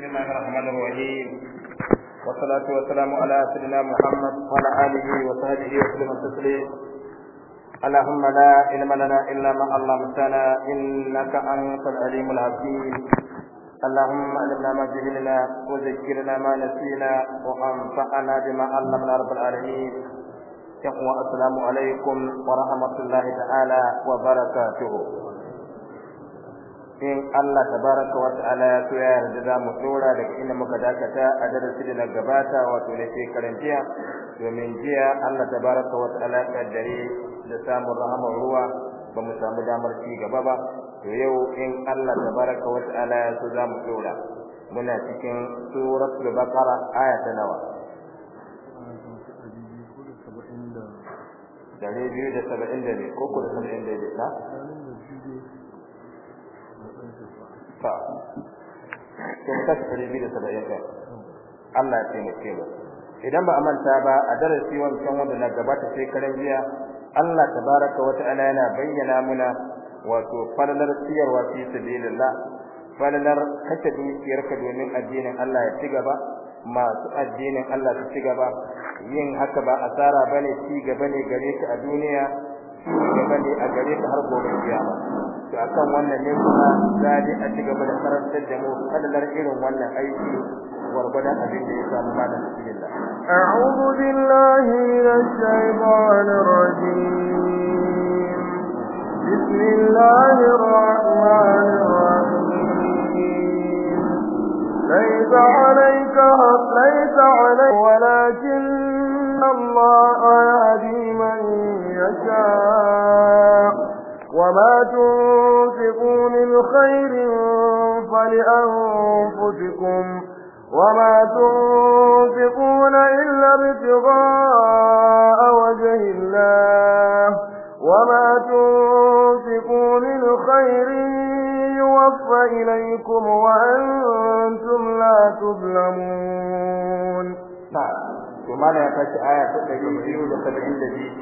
بسم الله الرحمن الرحيم والصلاة والسلام على سيدنا محمد وعلى آله وصحبه وسلم تسليم اللهم لا علم لنا إلا ما علمتنا إنك أنت العليم الحكيم اللهم علمنا ما جهلنا وذكرنا ما نسينا وأنفعنا بما علمنا رب العالمين يقوى السلام عليكم ورحمة الله تعالى وبركاته in Allah tabaraka wa ta'ala ya so ya yarda za mu tsora, daga inda muka dakata a darasi da na gabata wato na shekaran jiya domin jiya Allah tabaraka wa ta'ala ya kaddare da samun rahamar ruwa ba mu samu damar ci gaba ba to yau in Allah tabaraka wa ta'ala ya so za mu tsora? muna cikin suratul baqara aya ta nawa dari biyu da saba'in da ne ko ko da saba'in da ne idan ba a manta ba a darasi wannan wanda na gabata sai karen jiya Allah tabaraka wa ta'ala yana bayyana muna wato falalar siyarwa fi sabilillah falalar kashe dukiyarka domin addinin Allah ya ci gaba masu addinin Allah su ci gaba yin haka ba asara bane ci gaba ne gare ka a duniya ya bane a gare ta har gobe kiyama to akan wannan ne kuma za a ci gaba da karantar da mu kadalar irin wannan aiki gwargwadon abin da ya samu malam bismillah a'udhu billahi minash shaitanir rajim bismillahir rahmanir rahim ليس عليك ليس عليك ولكن الله يهدي من يشاء وما تنفقوا من خير فلأنفسكم وما تنفقون إلا ابتغاء وجه الله وما تنفقوا من خير يوفى إليكم وأنتم لا تظلمون نعم ثم لا يفتح آية عند وتتجيب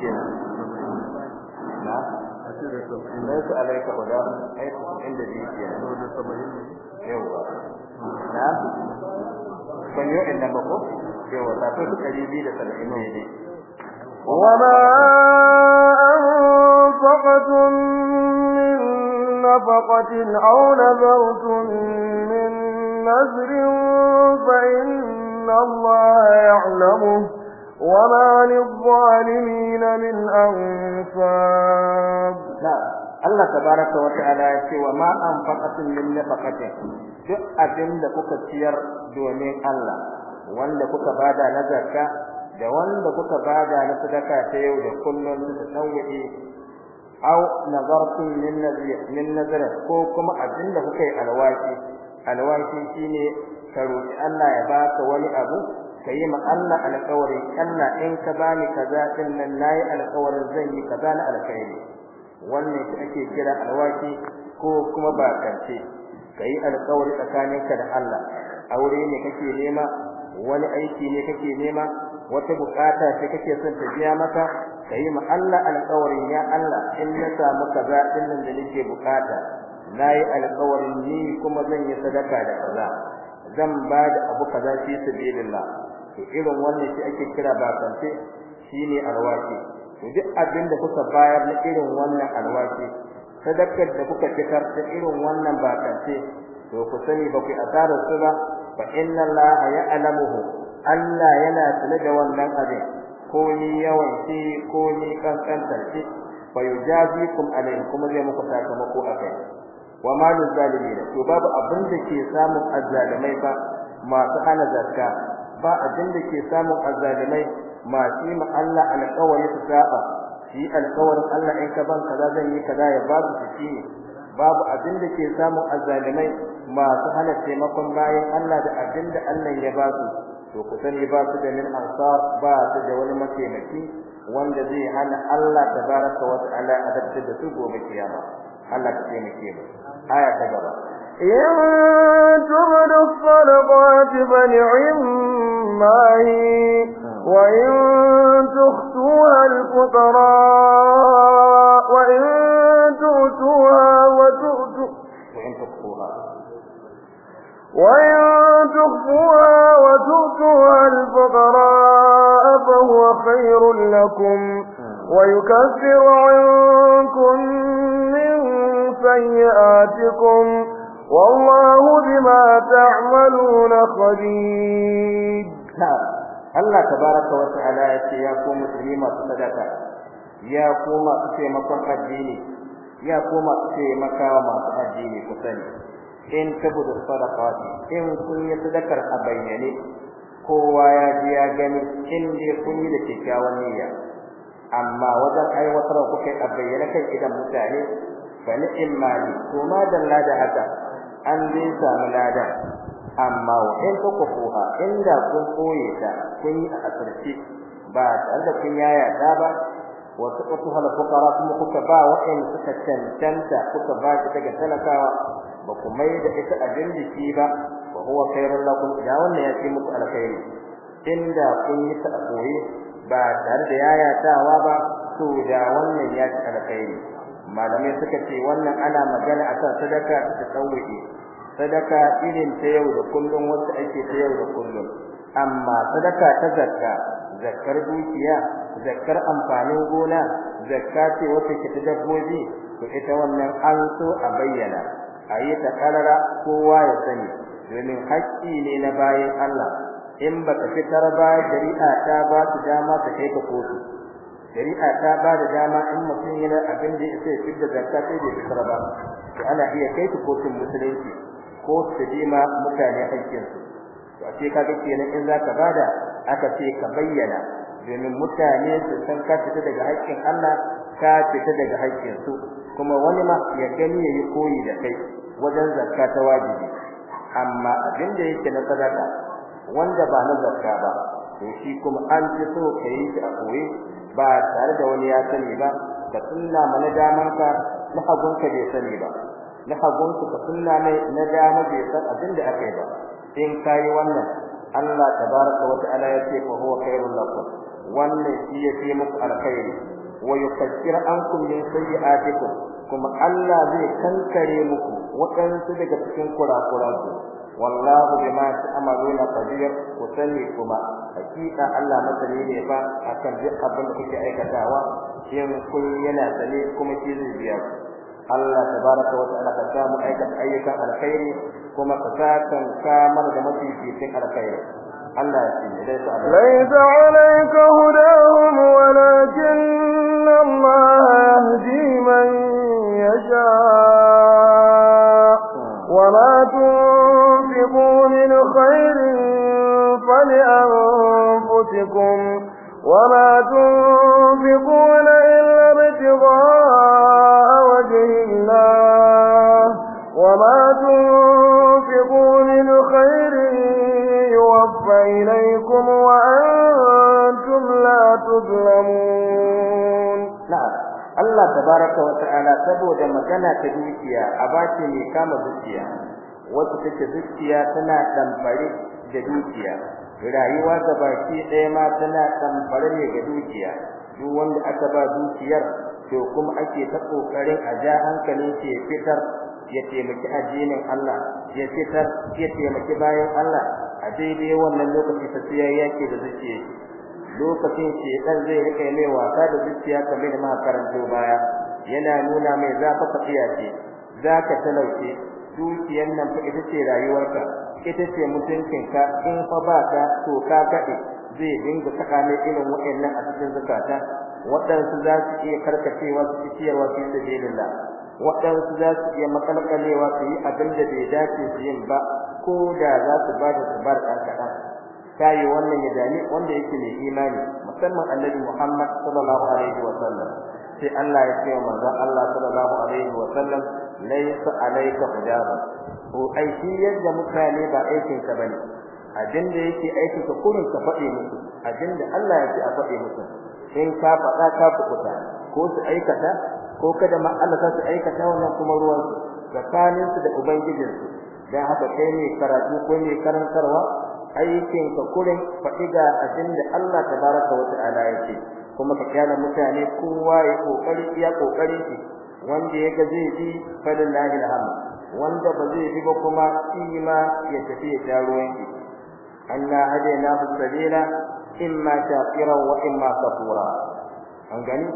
ليس عليك هدى حيث عند ديك نعم كان إنما قف يوه وما أنفقتم من نفقة أو نذرتم من نذر فإن الله يعلمه وما للظالمين من أنصار نعم Allah tabaraka wa ta'ala ya ce wa duk abin da kuka ciyar domin Allah wanda kuka bada na zakka da wanda kuka bada na sadaka ta yau da kullun da tawwi aw nazartum min nazir min nazar ko kuma abin da kuka yi alwaki alwaki shine ka roki Allah ya baka wani abu Ka ma Allah alƙawarin Allah in ka bani kaza din nan nayi alƙawarin zan yi kaza na alƙairi wannan shi ake kira alwaki ko kuma ba Ka yi alƙawari tsakaninka da Allah aure ne kake nema wani aiki ne kake nema wata bukata ce kake son ta biya maka Ka ma Allah alƙawarin ya Allah in na samu kaza din nan da nake bukata nayi alƙawarin ni kuma zan yi sadaka da kaza zan ba da abu kaza fi sabilillah to irin wannan shi ake kira bakance shine alwaki, to duk abin da kuka bayar na irin wannan alwaki sadakar da kuka fitar da irin wannan bakance to ku sani ba ku asarar su ba fa inna allaha ya'lamuhu Allah yana tuna da wannan abin ko ni yawan shi ko ni kankantar shi fa yujazikum alaykum kuma zai muku sakamako akai wa malul zalimin to babu abin da ke samun azzalimai ba masu hana zakka ba abin da ke samun azzalimai masu yi Allah alƙawari su saba shi alƙawarin Allah in ka ban kaza zan yi kaza ya babu su shi babu abin da ke samun azzalimai masu hana taimakon bayan Allah da abin da Allah ya ba su to ku sani ba su da min ansar ba su da wani mataimaki wanda zai hana Allah tabaraka wa ta'ala azabta da su gobe kiyama Allah ka taimake mu aya ta gaba in tubdu salawati fa ni'ma hi wa in tukhtuha al-fuqara wa in tu'tuha wa tu'tu wa in tukhtuha وإن تخفوها وتؤتوها الفقراء فهو خير لكم ويكفر عنكم سيئاتكم والله بما تعملون خبير Allah tabaraka wa ta'ala ya ce ya ku musulmi masu sadaka ya ku masu taimakon addini ya ku masu taimakawa masu addini ku sani in tabudu sadaqati in kun yi sadakar a bayyane kowa ya ji ya gani in dai kun yi da kyakkyawan niyya amma wajen aiwatar kuka a bayyane kai idan mutane bani imani ko ma dalla haka an bi sa lada amma wa ko ta inda kun koye ta kun yi a asirce ba tare da kun yaya ta ba wa tuqtuha la fuqara kuma kuka ba wa suka cancanta kuka ba ta daga talakawa ba ku mai da ita abin jiki ba wa huwa khairul lakum da wannan ya ce muku alkhairi inda kun yi ta koye ba tare da yayatawa ba to da wannan ya ci alkhairi malamai suka ce wannan ana magana akan sadaka ta tsawuki sadaka irin ta yau da kullum wacce ake ta yau da kullum amma sadaka ta zakka zakkar dukiya zakkar amfanin gona zakka ce wacce ke ta dabbobi to ita wannan an so a bayyana ayi ta karara kowa ya sani domin haƙƙi ne na bayan Allah in baka fitar ba shari'a ta ba su dama ka kai ka kotu shari'a ta ba da dama in mutum yana abin da yake fidda zakka sai da fitar ba to ana iya kai ta kotun musulunci ko su dima mutane aikinsu, su to a ce kaga kenan in zaka bada aka ce ka bayyana domin mutane su san ka fita daga haƙƙin Allah ka fita daga haƙƙin su kuma wani ma ya gani ya yi koyi da kai wajen zakka ta wajibi amma abin da yake na sadaka wanda ba na zakka ba to shi kuma an fi so ka yi shi a koyi ba tare da wani ya sani ba ka sunna mana na hagun ka bai sani ba na hagun ka sunna na dama bai san abin da akai ba in kai wannan Allah tabaraka wa ta'ala ya ce fa huwa khairul lakum wannan shi ya ce muku alkhairi wa yukaffir ankum min sayyi'atikum kuma Allah zai kankare muku waɗansu daga cikin kurakuranku wallahu bima ta'maluna qadir ku sani kuma hakika Allah masani ne fa akan duk abin da kuke aikatawa shin kun yana sani kuma shi zai biya ku Allah tabaraka wa ta'ala ka samu aikata ayyukan alkhairi kuma ka sakan kamar da mafi fitin alkhairi Allah ya ce ليس عليك هداهم ولكن الله يهدي من يشاء ولا تنظر أنفسكم وما تنفقون إلا ابتغاء وجه الله وما تنفقوا من خير يوفى إليكم وأنتم لا تظلمون نعم Allah tabaraka wa ta'ala saboda magana ta dukiya abace ne kama zuciya wacce take zuciya tana damfare da dukiya rayuwa da baki ɗaya ma tana tamfare ne ga dukiya duk wanda aka ba dukiyar to kuma ake ta kokarin a ja hankali ke fitar ya taimaki ajinin Allah ya fitar ya taimaki bayan Allah a daidai wannan lokaci ta tsiya yake da zuciya lokacin ce dan zai rike mai wasa da zuciya kamar ma karanto baya yana nuna mai zafa fatiya ce zaka talauce dukiyar nan fa ita ce rayuwarka ita ce mutuncinka in fa ba ka to ka kaɗe zai dinga tsakanin irin waɗannan a cikin zakata waɗansu za su iya karkacewa su ci ciyarwa fi sabilillah waɗansu za su iya makalkalewa su yi abin da bai dace su yin ba ko da za su ba da su bar ɗan kaɗan ta yi wannan ya dani wanda yake mai imani musamman annabi muhammad sallallahu alaihi wa sallam sai allah ya ce wa manzon allah sallallahu alaihi wa sallam laysa alayka hudaba ko aiki yadda mutane ba aikin ka bane da yake aiki ka kurin ka fade musu Allah ya a faɗi musu in ka fada ka kubuta ko su aikata ko kada ma Allah ta su aikata wannan kuma ruwan su tsakanin su da ubangijin su dan haka kai ne karatu ko ne karantarwa aikin ka kurin faɗi ga abinda Allah tabaraka wa ta'ala ya kuma ka kyala mutane kowa ya kokari ya kokari shi wanda ya ga zai ji falillahi alhamd wanda ba zai bi ba kuma ima ya tafi ya taro yanki anna hadaina fi sabila imma shakira wa imma kafura an gani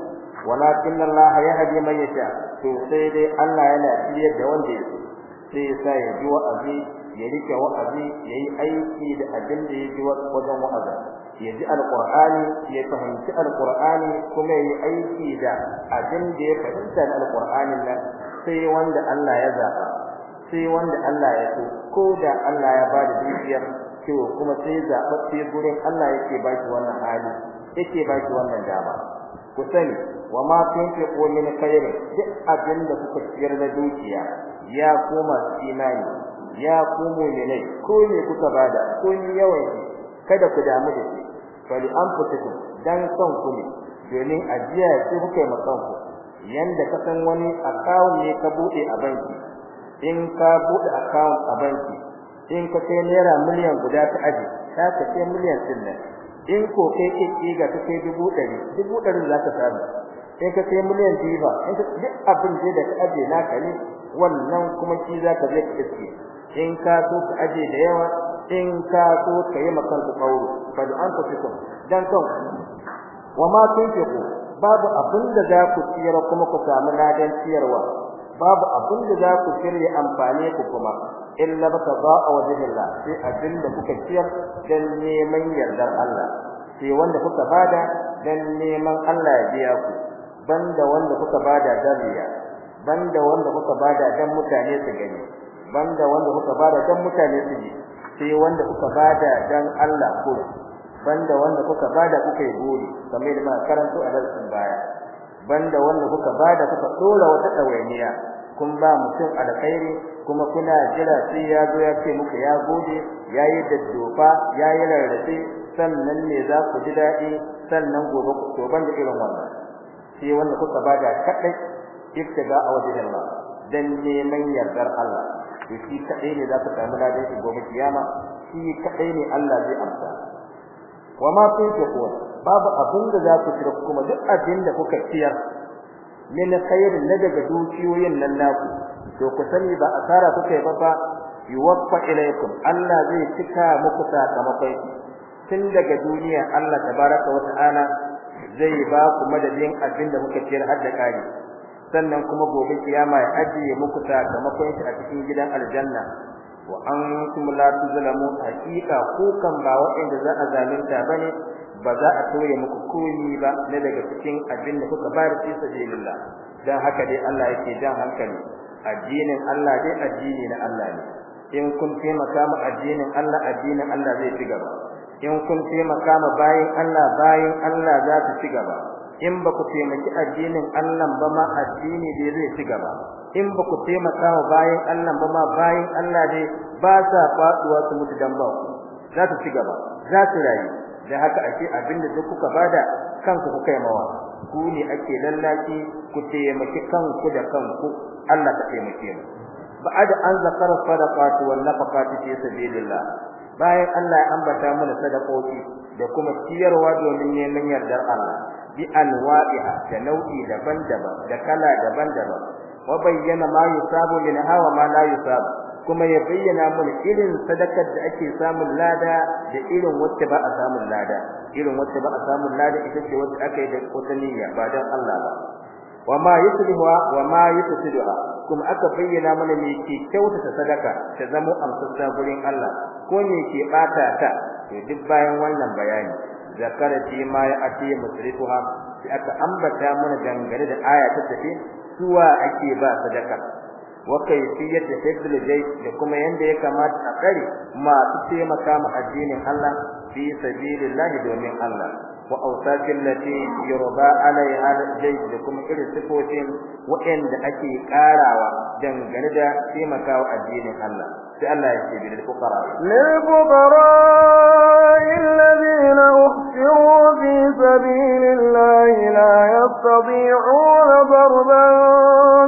walakin Allah yahdi man yasha to sai dai Allah yana tiyar da wanda yake sai ya sa ya ji wa'azi ya rike wa'azi ya yi aiki da abin da ya ji wajen wa'azi ya ji alqur'ani ya fahimci alqur'ani kuma ya yi aiki da abin da ya fahimta alqur'anin nan sai wanda Allah ya zaba sai wanda Allah ya so ko da Allah ya bada dukiyar cewa kuma sai zabatse gurin Allah yake baki wannan hali yake baki wannan dama ku sani wa ma tunfiqu min khairin duk abin da kuka tsiyar da dukiya ya koma imani ya komo ne ko ne kuka bada ko ni yawan kada ku damu da shi bali an fito dan son ku ne domin ajiya ce kuke makan ku yanda ka san wani akawun ne ka bude a banki in ka bude account a banki in ka kai naira miliyan guda ta aje ka ka kai miliyan din nan in ko kai ke kiga ta kai dubu ɗari dubu dari za ka samu in ka kai miliyan diva in ka duk abin da ka aje naka ne wannan kuma shi za ka zai iske in ka so ka aje da yawa in ka so ka yi makan ku kawo fa da an ku fito dan kan wa ma tunfiqu babu abin da za ku tsira kuma ku samu ladan tsiyarwa babu abin da za ku kirye amfane ku kuma illa bata'a wajhillah sai abin da kuka ciyar dan neman yardar Allah sai wanda kuka bada dan neman Allah ya biya ku banda wanda kuka bada dan riya banda wanda kuka bada dan mutane su gani banda wanda kuka bada dan mutane su ji sai wanda kuka bada dan Allah ko banda wanda kuka bada kuka yi gori kamar da karanto a darasin baya banda wanda kuka bada kuka dora wata ɗawainiya kun ba mutum alkhairi kuma kuna jira sai ya zo ya ce muku ya gode yayi daddofa yayi rarrafe sannan me za ku ji dadi sannan gobe ku to banda irin wannan sai wanda kuka bada kadai za a wajen Allah dan neman yardar Allah to shi kadai ne za ku samu ladan gobe kiyama shi kadai ne Allah zai amsa wa ma tunfiquna babu abin da za ku tsira kuma duk abin da kuka ciyar min kayar na daga dukiyoyin nan naku to ku sani ba asara kuka yi ba fa yuwaffa ilaykum Allah zai cika muku sakamakon tun daga duniya Allah tabaraka wa ta'ala zai ba ku madadin abin da kuka kiyar har da kai sannan kuma gobe kiyama ya ajiye muku sakamakon shi a cikin gidan aljanna wa antum la tuzlamu haqiqa ku kan ba wa'anda za a zalunta bane ba za a soya muku koyi ba na daga cikin abin da kuka bayar fi sabilillah dan haka dai Allah yake jan hankali addinin Allah dai addini na Allah ne in kun taimaka makama addinin Allah addinin Allah zai ci gaba in kun taimaka makama bayin Allah bayin Allah za ta ci gaba in ba ku taimaki addinin Allah ba ma addini dai zai ci gaba in ba ku taimaka mu bayin Allah ba ma bayin Allah dai ba sa faduwa su mutu dan ba ku za su ci gaba za su rayu dan haka ake abinda duk kuka bada kanku kuka mawa ku ne ake lallaci ku taimaki kanku da kanku Allah ka taimake mu ba'ad an zakara sadaqat wal nafaqat fi sabilillah bayan Allah ya ambata mana sadaqoti da kuma tiyarwa domin neman yardar Allah bi anwa'iha da nau'i daban-daban da kala daban-daban wa bayyana ma yusabu lin hawa ma la yusabu kuma ya bayyana mana irin sadakar da ake samun lada da irin wacce ba a samun lada irin wacce ba a samun lada ita ce wacce aka yi da wata ba dan Allah ba wa ma yuslihuha wa ma kuma aka bayyana mana ne ke kyautata sadaka ta zama amsa gurin Allah ko ne ke bata ta to duk bayan wannan bayani zakarati ma ya ati musrifuha sai aka ambata mana dangane da aya ta tafi suwa ake ba sadaka wa kayfiyyat hifdil jayy da kuma yanda ya kamata a kare masu taimaka ma addinin Allah fi sabilillahi domin Allah وأوساك التي يربى عليها الجيد لكم إلى سفوتين وإن أكي كاراوا دنجندا في مكاو الدين الله سألنا يسيب للفقراء للفقراء الذين أخسروا في سبيل الله لا يستطيعون ضربا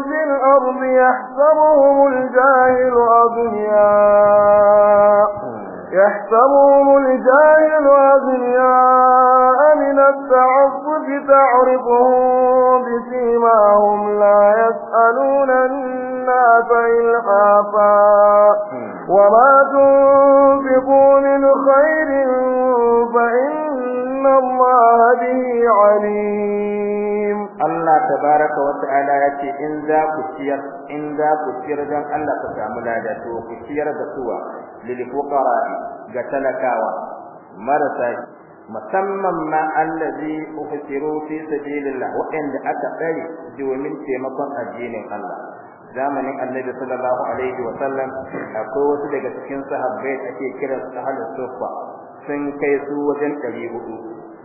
في الأرض يحسبهم الجاهل أغنياء يحسبهم الجاهل أغنياء التعصب تعرفهم بسيماهم لا يسألون الناس إلحافا وما تنفقوا من خير فإن الله به عليم الله تبارك وتعالى يأتي إن ذا كثير إن ذا كثير ذا الله تتعمل هذا كثير ذا سوى للفقراء قتلكاوى مرسى musamman ma allazi ufkiru fi sabilillah inda aka tsare domin taimakon addinin Allah zamanin annabi sallallahu alaihi wa sallam akwai wasu daga cikin sahabbai da ake kira sahabbai sufa sun kai su wajen hudu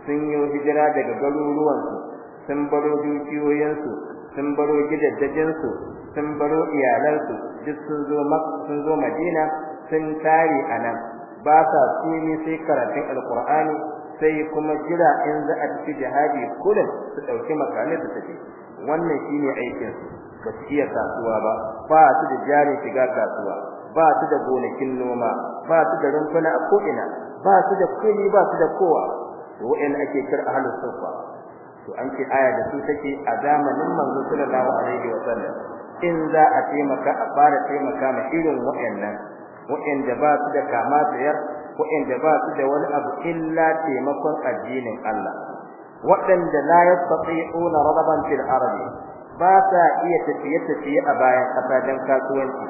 sun yi hijira daga garuruwansu sun baro dukiyoyinsu sun baro gidajensu sun baro iyalansu duk sun zo sun zo Madina sun tare anan ba sa tsini sai karatun alqur'ani sai kuma jira in za a tafi jihadi kullum su dauki makamai da take wannan shine aikin su ba su iya kasuwa ba ba su da jari shiga kasuwa ba su da gonakin noma ba su da rumfuna a ko'ina ba su da kuli ba su da kowa to wa'in ake kira ahlus sufa to an ce aya da su take a zamanin manzo sallallahu alaihi wa sallam in za a taimaka a fara taimaka ma irin wa'annan wa'anda ba su da kama sayar. waɗanda ba su da wani abu illa taimakon addinin Allah waɗanda la yastati'una radaban fil ardi ba sa iya tafiye-tafiye a bayan ƙasa don kasuwanci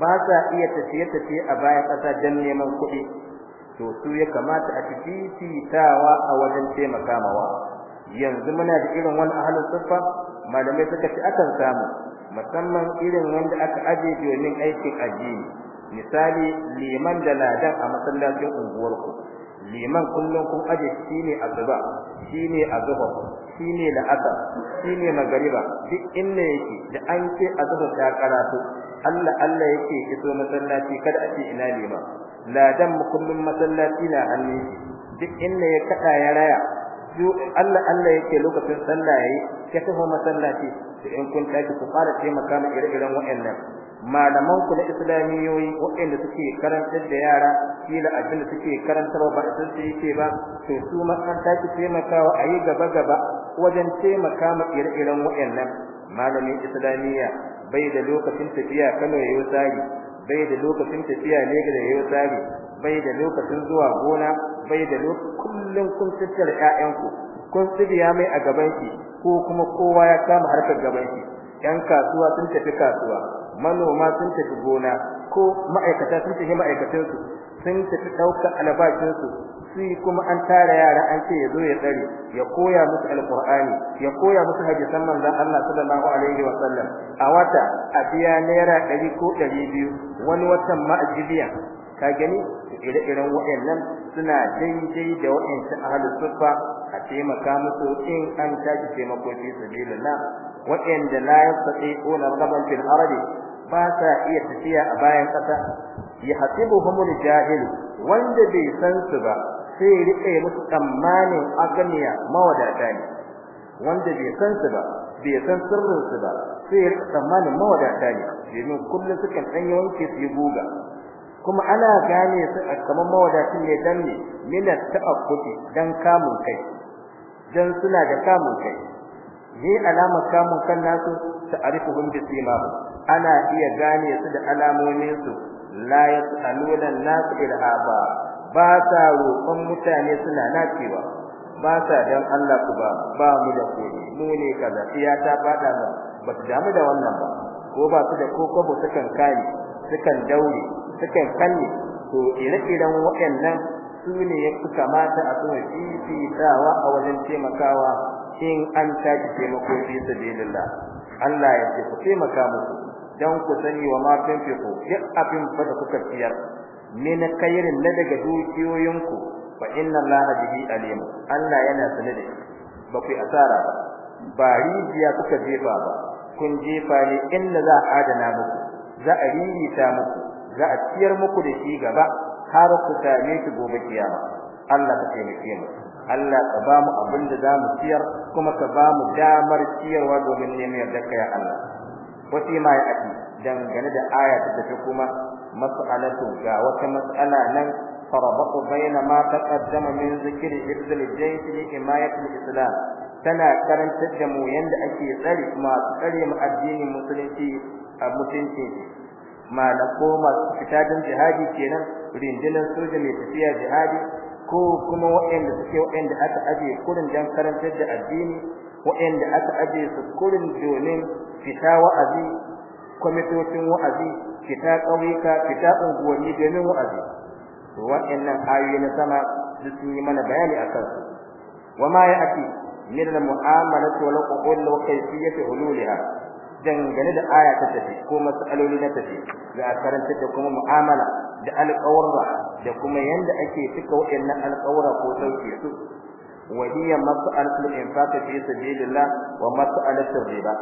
ba sa iya tafiye-tafiye a bayan ƙasa don neman kuɗi to su ya kamata a fifitawa a wajen taimakawa yanzu muna da irin wani ahalin siffa malamai suka ci akan samu musamman irin wanda aka aje domin aikin addini misali liman da ladan a masallacin unguwarku liman kullum kun aje shine azuba shine azuba shine la'asa shine magariba duk inda yake da an ce azuba ta karatu Allah Allah yake iso masallaci kada a ce ina liman ladan mu masallaci na hannu duk inda ya kada ya raya Allah Allah yake lokacin sallah yayi kuma tafi masallaci in kun tafi ku fara taimaka mu ire-iren waɗannan malaman ku na islamiyoyi waɗanda suke karantar da yara kila abin da suke karantarwa ba sun ce yake ba to su ma an taki taimakawa a yi gaba gaba wajen taimaka ma ire-iren waɗannan malamin islamiyya bai da lokacin tafiya Kano ya yi tsari bai da lokacin tafiya Lagos ya yi tsari bai da lokacin zuwa gona bai da lokacin kullum kun tattara ƴaƴanku kun tsibiya mai a gaban ki ko kuma kowa ya kama harkar gaban ki ƴan kasuwa sun tafi kasuwa manoma sun tafi gona ko ma'aikata sun tafi ma'aikatansu sun tafi ɗauka albashinsu sai kuma an tara yara an ce zo ya tsare ya koya musu alqur'ani ya koya musu hadisan manzon Allah sallallahu alaihi wa sallam a wata a biya naira 100 ko biyu, wani watan ma ajibiya ka gani ire-iren waɗannan suna daidai da waɗancan ahlus sufa a taimaka musu in an tashi taimako fi sabilillah waɗanda la yastati'una na fil ardi ba sa iya tafiya a bayan kasa yahsibuhumul jahil wanda bai san su ba sai rike musu tsammanin agniya mawadata ne wanda bai san su ba bai san sirrin su ba sai rike tsammanin mawadata ne domin kullum suka danyi wanke su guga kuma ana gane su a kaman mawadatin ne dan ne mina ta'aqqudi dan kamun kai dan suna da kamun kai ni alama kamun kan nasu ta'arifuhum bi simahum ana iya gane su da alamomin su la yasaluna nas ilhaba ba sa roƙon mutane suna nacewa ba sa dan Allah ku ba ba mu da ku mu ne kaza iya ta fada ba ba ta damu da wannan ba ko ba su da kokobo sukan su sukan daure sukan kalle to ire-iren waɗannan su ne ya kamata a tsohon tawa a wajen taimakawa in an tashi taimako fi sabilillah Allah ya ce ku taimaka musu dan ku sani wa ma tunfiqu duk abin fa da kuka ciyar min kayrin na daga dukiyoyinku fa inna allaha bihi alim Allah yana sane da ba ku asara ba ba rijiya kuka jefa ba kun jefa ne inda za a adana muku za a ririta muku za a ciyar muku da shi gaba har ku same shi gobe kiyama Allah ka taimake mu Allah ka ba mu abin da za mu kuma ka ba mu damar siyarwa domin neman yarda kai Allah wasi ma ya dangane da aya ta ta kuma mas'alatu ga wata mas'ala nan farabatu bayna ma taqaddama min zikri ibdal jaysh li himayat al-islam tana karantar da mu yanda ake tsare kuma tsare mu addinin musulunci a mutunci malako masu fita jihadi kenan rindinan soja mai tafiya jihadi ko kuma waɗanda suke waɗanda aka aje kurin dan karantar da addini waɗanda aka aje su kurin domin fita wa'azi kwamitocin wa'azi fita ƙauyuka fita unguwanni domin wa'azi to waɗannan ayoyi na sama duk sun yi mana bayani a kansu wa ma ya ake min al mu'amalati wal uqul wa kayfiyati hululiha dangane da aya ta tafi ko mas'aloli na tafi ga karanta da kuma mu'amala da alƙawarra da kuma yanda ake cika waɗannan alƙawara ko sauke su وهي مسألة الإنفاق في سبيل الله ومسألة الربا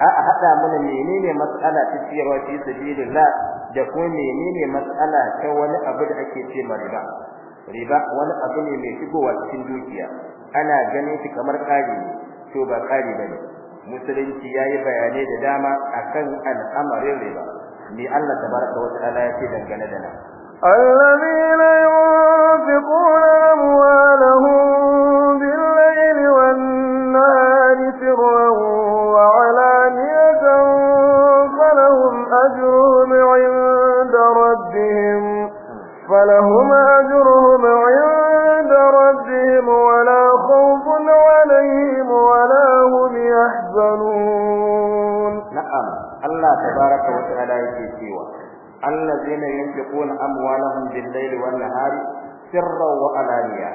a a hada mana menene mas'ala ta ciyarwa fi sabilillah da kuma menene matsala ta wani abu da ake ce ma riba wani abu ne mai shigowa cikin dukiya ana ganin shi kamar kari to ba kari bane musulunci yayi bayanai da dama akan al'amarin riba ni Allah tabaraka wa ta'ala ya ce dangane da nan الذين yunfiquna أموالهم ولهم أجرهم عند ربهم ولا خوف عليهم ولا هم يحزنون نعم الله تبارك وتعالى يتسيوى الذين ينفقون أموالهم بالليل والنهار سرا وألانيا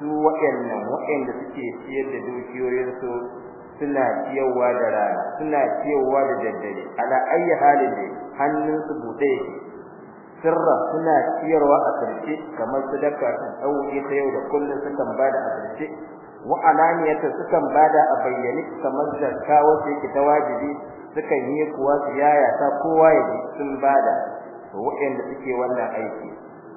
سوى إن وإن تتسيوى تدوشيوى يرسو سنة يوى دلالة سنة يوى دلالة على أي حال هل ننسبوا ديه sirra suna ciyarwa a karshe kamar sadaka kan dauke ta yau da kullun sukan bada a karshe wa alaniyata sukan bada a bayyane kamar zakka wacce yake ta wajibi sukan yi kuwa siyaya ta kowa ya ji sun bada to wa'anda suke wannan aiki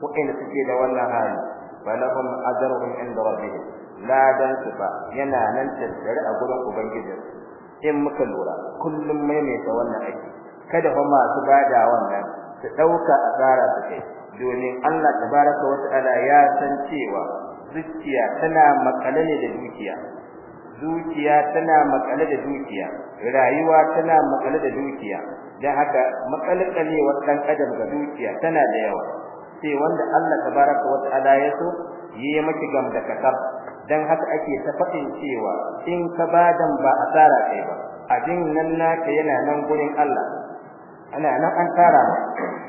wa'anda suke da wannan hali balahum ajruhum inda rabbihim la dan sifa yana nan tattare a gurin ubangiji in muka lura kullum maimaita wannan aiki kada fa masu bada wannan su dauka asara su kai domin Allah tabaraka wa ta'ala ya san cewa zuciya tana makale ne da dukiya zuciya tana makale da dukiya rayuwa tana makale da dukiya dan haka wa dan adam ga dukiya tana da yawa sai wanda Allah tabaraka wa ta'ala ya so yayi maki gam da dan haka ake ta fadin cewa in ka badan ba asara kai ba abin nan naka yana nan gurin Allah ana nan an fara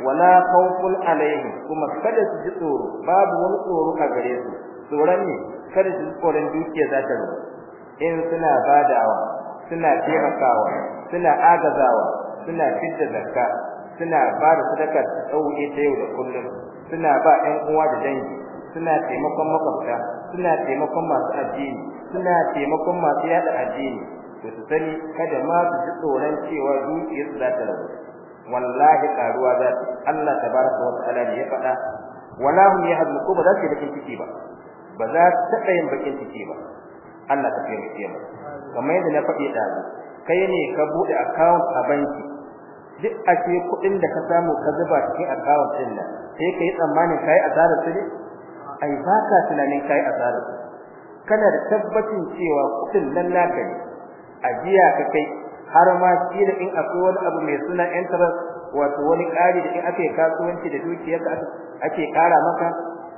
wala khawful alaihim kuma kada su ji tsoro babu wani tsoro a gare su tsoron ne kada su tsoron dukiya za ta zo, in suna badawa suna taimakawa suna agazawa suna fidda zakka suna ba da sadaka ta tsauke ta yau da kullum suna ba ɗan uwa da dangi suna taimakon makwabta suna taimakon masu addini suna taimakon masu yada addini to su sani kada ma su ji tsoron cewa dukiyarsu za ta rabu wallahi karuwa za ta Allah tabaraka wa ta'ala ne ya faɗa wala hum yahzun ko ba za su bakin ciki ba ba za su taɓa yin bakin ciki ba Allah ka taimake mu kamar yadda na faɗi ɗazu kai ne ka buɗe account a banki duk a ce kuɗin da ka samu ka zuba cikin account ɗin nan sai ka yi tsammanin ka yi asarar su ne ai ba ka tunanin ka yi asarar su kana da tabbacin cewa kuɗin nan naka ne ajiya ka kai har ma shi da in akwai wani abu mai suna interest wato wani ƙari da in ake kasuwanci da ka ake ƙara maka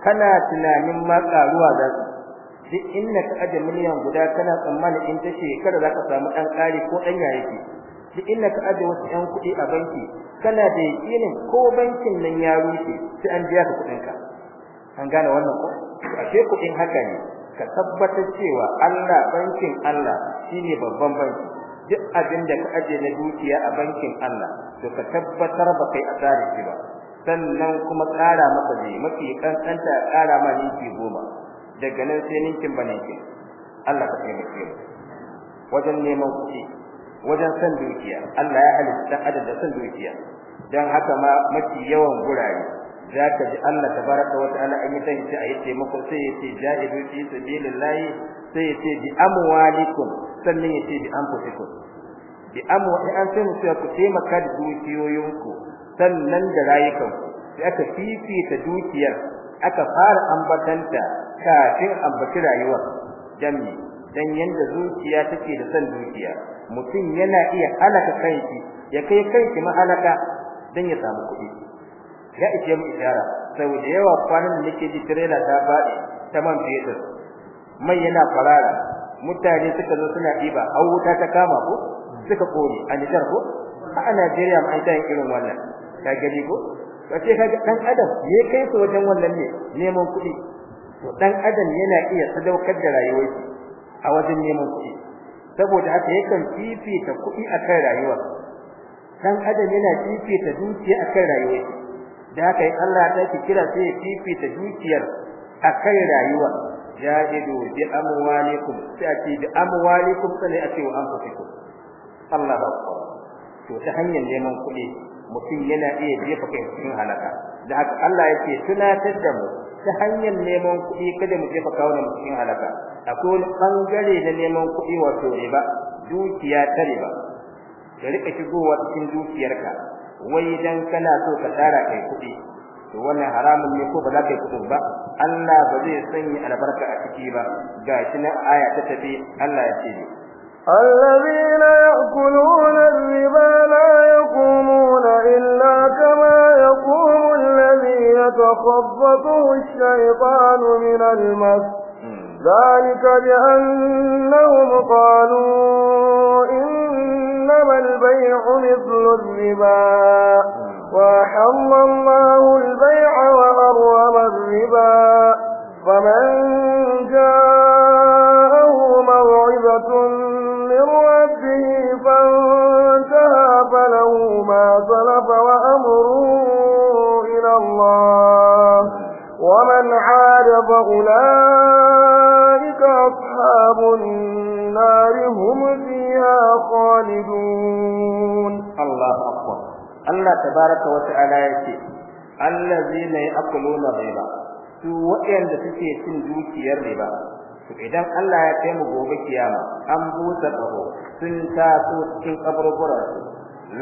kana tunanin ma ƙaruwa za su duk inda ka aje miliyan guda kana tsammanin in ta shekara za ka samu ɗan ƙari ko ɗan yayi duk inda ka aje wasu yan kuɗi a banki kana da yakinin ko bankin nan ya rushe sai an biya ka kuɗinka an gane wannan ko ashe kuɗin haka ne ka tabbatar cewa Allah bankin Allah shine babban banki duk abin da ka aje na dukiya a bankin Allah to ka tabbatar ba kai asara shi ba sannan kuma ƙara masa ne mafi kankanta ƙara ma ninki goma daga nan sai ninkin ba ninkin Allah ka taimake mu wajen neman kuɗi wajen san dukiya Allah ya halitta da san dukiya dan haka ma mafi yawan gurare zaka ji Allah tabaraka wa ta'ala an yi tanki a yace mako sai yace jahidu fi sabilillahi sai ya ce bi amwalikum sannan ya ce bi anfusikum bi amwali an sai musu ku taimaka da dukiyoyinku sannan da rayukanku sai aka fifita dukiyar aka fara ambatanta kafin ambaci rayuwar jami dan yanda zuciya take da san dukiya mutum yana iya halaka kanki ya kai kanki mahalaka dan ya samu kuɗi ya ishe mu isharar sau da yawa kwanan da nake ji trailer ta ba ta man fetur mai yana farara mutane suka zo suna diba har wuta ta kama ko suka kore a Nijar ko a Najeriya mai irin wannan ka gani ko kace kaga dan adam ya kai su wajen wannan ne neman kuɗi to dan adam yana iya sadaukar da rayuwar a wajen neman kuɗi saboda haka yakan fifita kuɗi akan rayuwa dan adam yana fifita dukiya akan rayuwa da haka Allah ya kira sai ya fifita dukiyar akan rayuwa jahidu bi amwalikum sai bi amwalikum sai a ce wa anfusikum Allahu akbar to ta hanyar neman kuɗi mutum yana iya jefa kai cikin halaka da haka Allah yake tunatar da mu ta hanyar neman kuɗi kada mu jefa kawunan mu cikin halaka akwai bangare na neman kuɗi wato riba dukiya ta riba ka rika shigowa cikin dukiyarka wai dan kana so ka tsara kai kuɗi to wannan haramun ne ko ba za ka yi kuɗin ba Allah ba zai sanya albarka a ciki ba gashi na aya ta الذين يأكلون الربا لا يقومون إلا كما يقوم الذي يتخبطه الشيطان من المس ذلك بأنهم قالوا إنما البيع مثل الربا وحرم الله البيع وأرم الربا فمن جاءه موعبة من ربه فانتهى فله ما سلف وأمره إلى الله ومن عاد فأولئك أصحاب النار هم فيها خالدون الله أكبر Allah tabaraka wa ta'ala yace allazina yaquluna riba su waɗanda suke cin dukiyar riba to idan Allah ya kai mu gobe kiyama an busa kaho sun taso cikin kaburburan su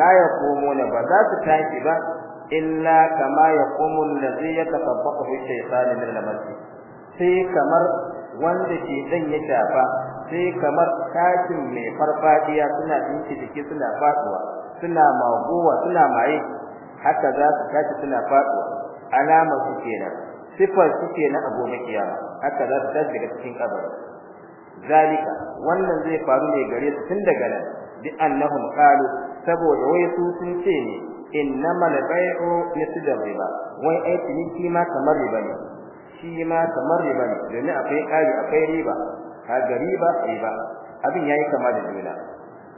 la yaqumuna ba za su tashi ba illa kama yaqumu allazi yatatabbaqu shaytan min al-mas sai kamar wanda ke dan ya tafa, sai kamar kafin mai farfadiya suna dinki jiki suna fasuwa suna magowa suna maye haka za su tashi suna faɗo. alamar su kenan sifar su kenan a gobe kiyama haka za su tashi daga cikin kabari zalika wannan zai faru ne gare su tun daga nan bi annahum qalu saboda wai su sun ce ne innamal bai'u mithlu riba wai ai ciniki ma kamar riba ne shi ma kamar riba ne domin akwai kari akwai riba ka riba riba abin yayi kama da juna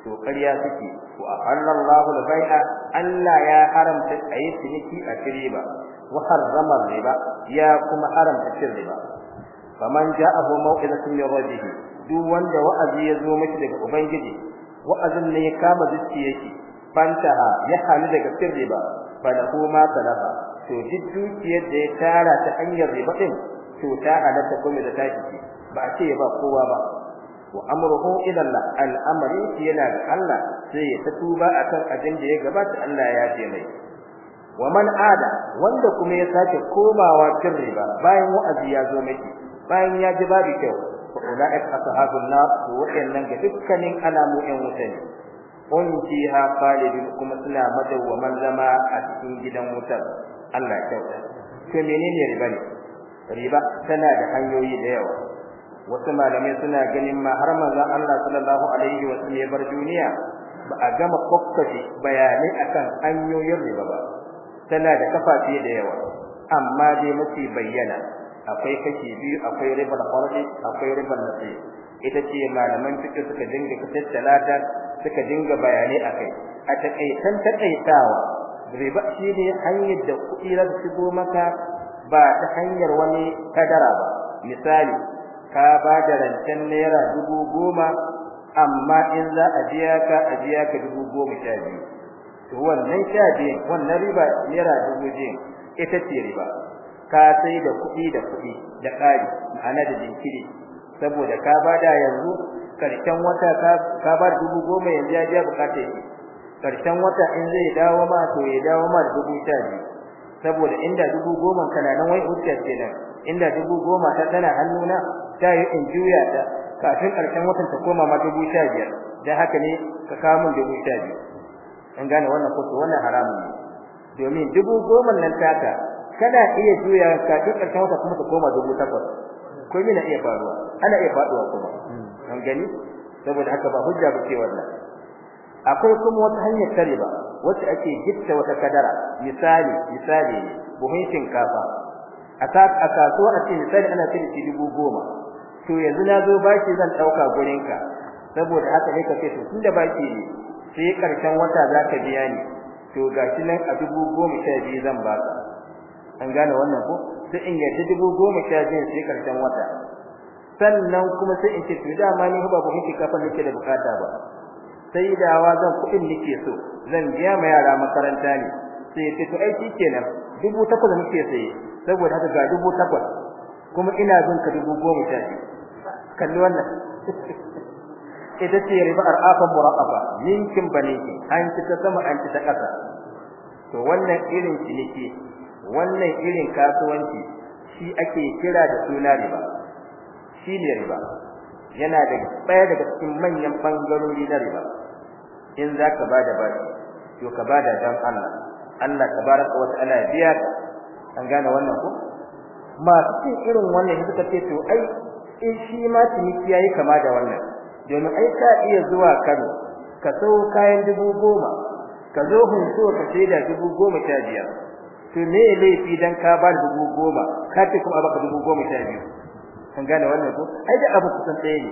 to ƙarya suke a hannun Lahu da baia Allah ya haramta ayi ciniki a riba wa harrama riba ya kuma haramta cin riba faman ja'ahu maw'izatun min rabbih duk wanda wa'azi ya zo miki daga ubangiji wa'azin ne ya kama zuciyarki fantaha ya halu daga cin riba falahu ma talafa to duk dukiyar da ya tara ta hanyar riba din to ta halatta kuma da take ba a ce ba kowa ba wa amruhu ila Allah yana da Allah sai ya tuba akan abin da ya gabata Allah ya ce mai wa man ada wanda kuma ya sake komawa cin riba bayan wa'azi ya zo miki bayan ya ji babu kyau fa ulai ashabun nar to wayannan ga dukkanin alamu ɗin wuta ne kun fiha bi kuma suna madawwaman zama a cikin gidan wutar Allah kyauta to menene riba riba tana da hanyoyi da yawa wasu malamai suna ganin ma har manzon Allah sallallahu alaihi wa sallam ya bar duniya ba a gama kokkashi bayanai akan hanyoyin riba ba tana da kafafi da yawa amma dai mafi bayyana akwai kashi biyu akwai ribar fardi akwai ribar nasi ita ce malaman fiqh suka dinga tattala ta suka dinga bayanai akai a takaitan takaitawa riba shi ne hanyar da kuɗi za shigo maka ba ta hanyar wani kadara ba misali ka ba da rancen naira dubu goma amma in za a biya ka a biya ka dubu goma sha biyu to wannan sha biyu wannan riba naira dubu biyu ita ce riba ka sai da kuɗi da kuɗi da ƙari ma'ana da jinkiri saboda ka ba da yanzu karshen wata ka ba dubu goma yanzu ya biya bukatar shi karshen wata in zai dawo ma to ya dawo ma dubu sha biyu saboda inda dubu goma kana nan wai uskar kenan inda dubu goma ta tana hannuna ta yi in juya ta kafin karshen watan ta koma ma dubu sha biyar dan haka ne ka kawo min dubu sha biyar gane wannan ko wannan haramun ne domin dubu goma nan taka kana iya juya kafin karshen wata kuma ta koma dubu takwas ko na iya faruwa ana iya faduwa kuma an gani saboda haka ba hujja ba ce wannan akwai kuma wata hanyar tare ba wacce ake gitta wata kadara misali misali buhun shinkafa a kasuwa a ce sai ana ce da dubu goma to yanzu na zo bashi zan ɗauka gurinka saboda haka ne ka ce to tunda baki ne sai ƙarshen wata za ka biya ni to gashi nan a dubu goma sha biyu zan baka an gane wannan ko sai in ga dubu goma sha biyu sai ƙarshen wata sannan kuma sai in ce to dama ni ba ku kike kafa nake da bukata ba sai dawa zan kuɗin nake so zan biya ma yara makaranta ne sai ya ce to ai kenan dubu takwas ke saye saboda haka ga dubu takwas kuma ina bin ka dubu goma ta kalli wannan ita ce riba ar'afa muraqaba ninkin baniki an ci sama an ci ta to wannan irin ciniki wannan irin kasuwanci shi ake kira da suna riba shi ne riba yana da ɗaya daga cikin manyan bangarori na riba in zaka bada bashi to ka bada dan Allah Allah tabaraka wa ta'ala ya biya ka an gane wannan ko masu cin irin wannan shi suka ce to ai in shi ma ciniki yayi kama da wannan domin ai ka iya zuwa Kano ka so kayan dubu goma ka zo so ka ce da dubu goma sha biyar to me laifi dan ka ba dubu goma ka ce kuma baka dubu goma sha biya an gane wannan ko ai da abu kusan ɗaya ne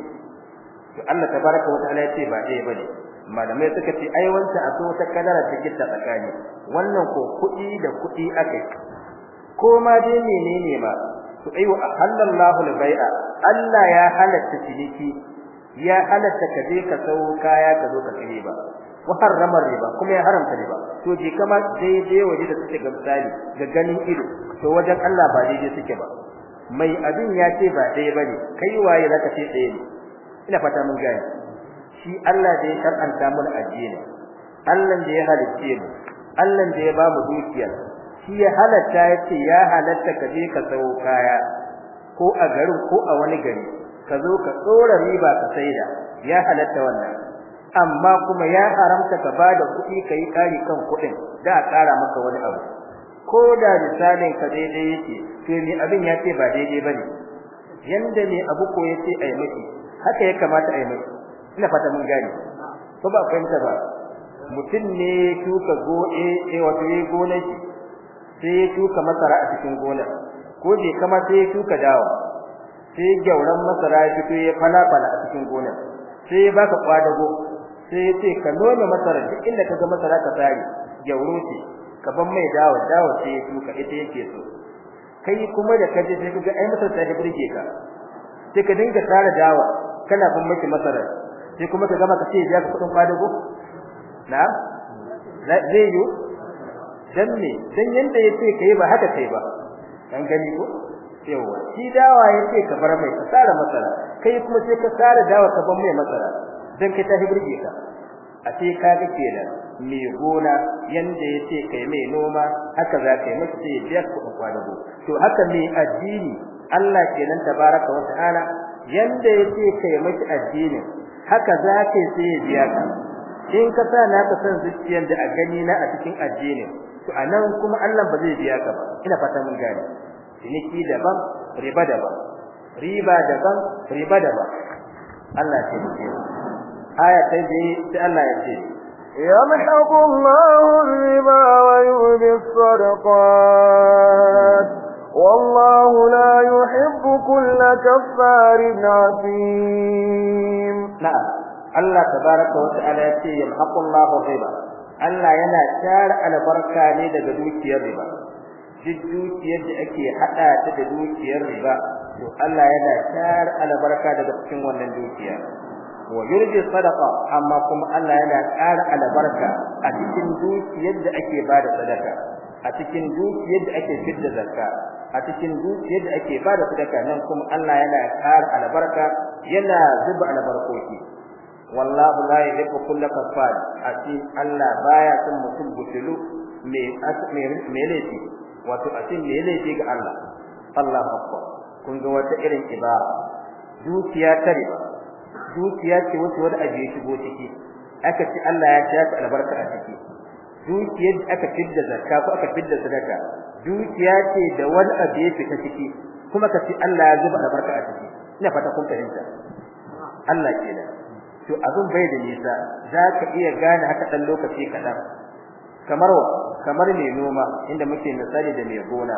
to Allah tabaraka wa ta'ala ya ce ba ɗaya bane malamai suka ce ai wanda a so ta kadara ta tsakani wannan ko kudi da kudi akai ko ma dai menene ba? to ai wa halallahu al-bai'a Allah ya halatta ciniki ya halatta ka je ka sau kaya ka zo ka kire ba wa harrama riba kuma ya haramta riba to je kama dai waje da suke ga misali ga ganin ido to wajen Allah ba daidai suke ba mai abin ya ce ba dai bane kai waye zaka ce ne ina fata mun gani shi Allah da ya karanta mu addini Allah da ya halicce mu Allah da ya ba mu dukiya shi ya halatta yace ya halatta ka je ka sau kaya ko a garin ko a wani gari ka zo ka tsora riba ka saida ya halatta wannan amma kuma ya haramta ka bada kuɗi kai kari kan kuɗin da a ƙara maka wani abu ko da misalin ka daidai yake to ni abin ya ba daidai bane yanda ne abu ko yace ai miki haka ya kamata ai miki ina fata mun gane to ba fahimta ba mutum ne tuka go'e eh, eh wato yi gona shi sai tuka masara a cikin gonar ko je kama sai tuka dawa sai gauran masara ya fito ya fala a cikin gonar sai ya baka kwadago sai ya ce ka nome masara duk inda ka ga masara ka tsari gyauro ce ka ban mai dawa dawa sai ya tuka ita yake so kai kuma da kaje sai ka ga ai masara ta burge ka sai ka dinga tsara dawa kana ban miki masara sai kuma ka gama ka ce ya ka kudin kwadago na'am zai yi dan ne dan yanda yake kai ba haka kai ba dan gani ko yawa shi dawa yake ka bar mai ka tsara masara kai kuma sai ka tsara dawa ka bar mai masara dan kai ta hibirge ka a ce ka ga kenan mai gona yanda yace kai mai noma haka za ka yi masa sai ya kudin kwadago to haka mai addini Allah kenan tabaraka wa ta'ala yanda yake kai maki addinin haka za ka sai biya ka in ka sa na ka san zuciyar da a gani na a cikin addini to anan kuma Allah ba zai biya ka ba ina fata mun gane ciniki daban riba daban riba daban riba daban Allah ya ce aya ta je sai Allah ya ce يمحق riba wa yubi sadaqat والله لا يحب كل كفار عظيم نعم الله تبارك وتعالى يمحق الله الربا الله yana shar albarka ne daga dukiyar riba duk dukiyar da ake haɗa ta da dukiyar riba to Allah yana shar albarka daga cikin wannan dukiya wa yurji sadaqa amma kuma Allah yana shar albarka a cikin dukiyar da ake bada sadaka a cikin dukiyar da ake fidda zakka a cikin dukiyar da ake bada sadaka nan kuma Allah yana kar albarka yana zuba albarkoki wallahu la yuhibbu kulla kaffar cikin Allah baya son mutum butulu me asme me laifi wato a cikin me laifi ga Allah Allah akbar kun ga wata irin ibara dukiya tare, dukiya ce wacce wanda aje go ciki aka ce Allah ya ci albarka a ciki dukiyar da aka fidda zakka ko aka fidda sadaka dukiya ce da wani abu ya ta ciki kuma ka ce Allah ya zuba albarka a ciki ina fata kun fahimta Allah kenan to abin bai da nisa zaka iya gane haka dan lokaci kadan kamar kamar mai noma inda muke misali da mai gona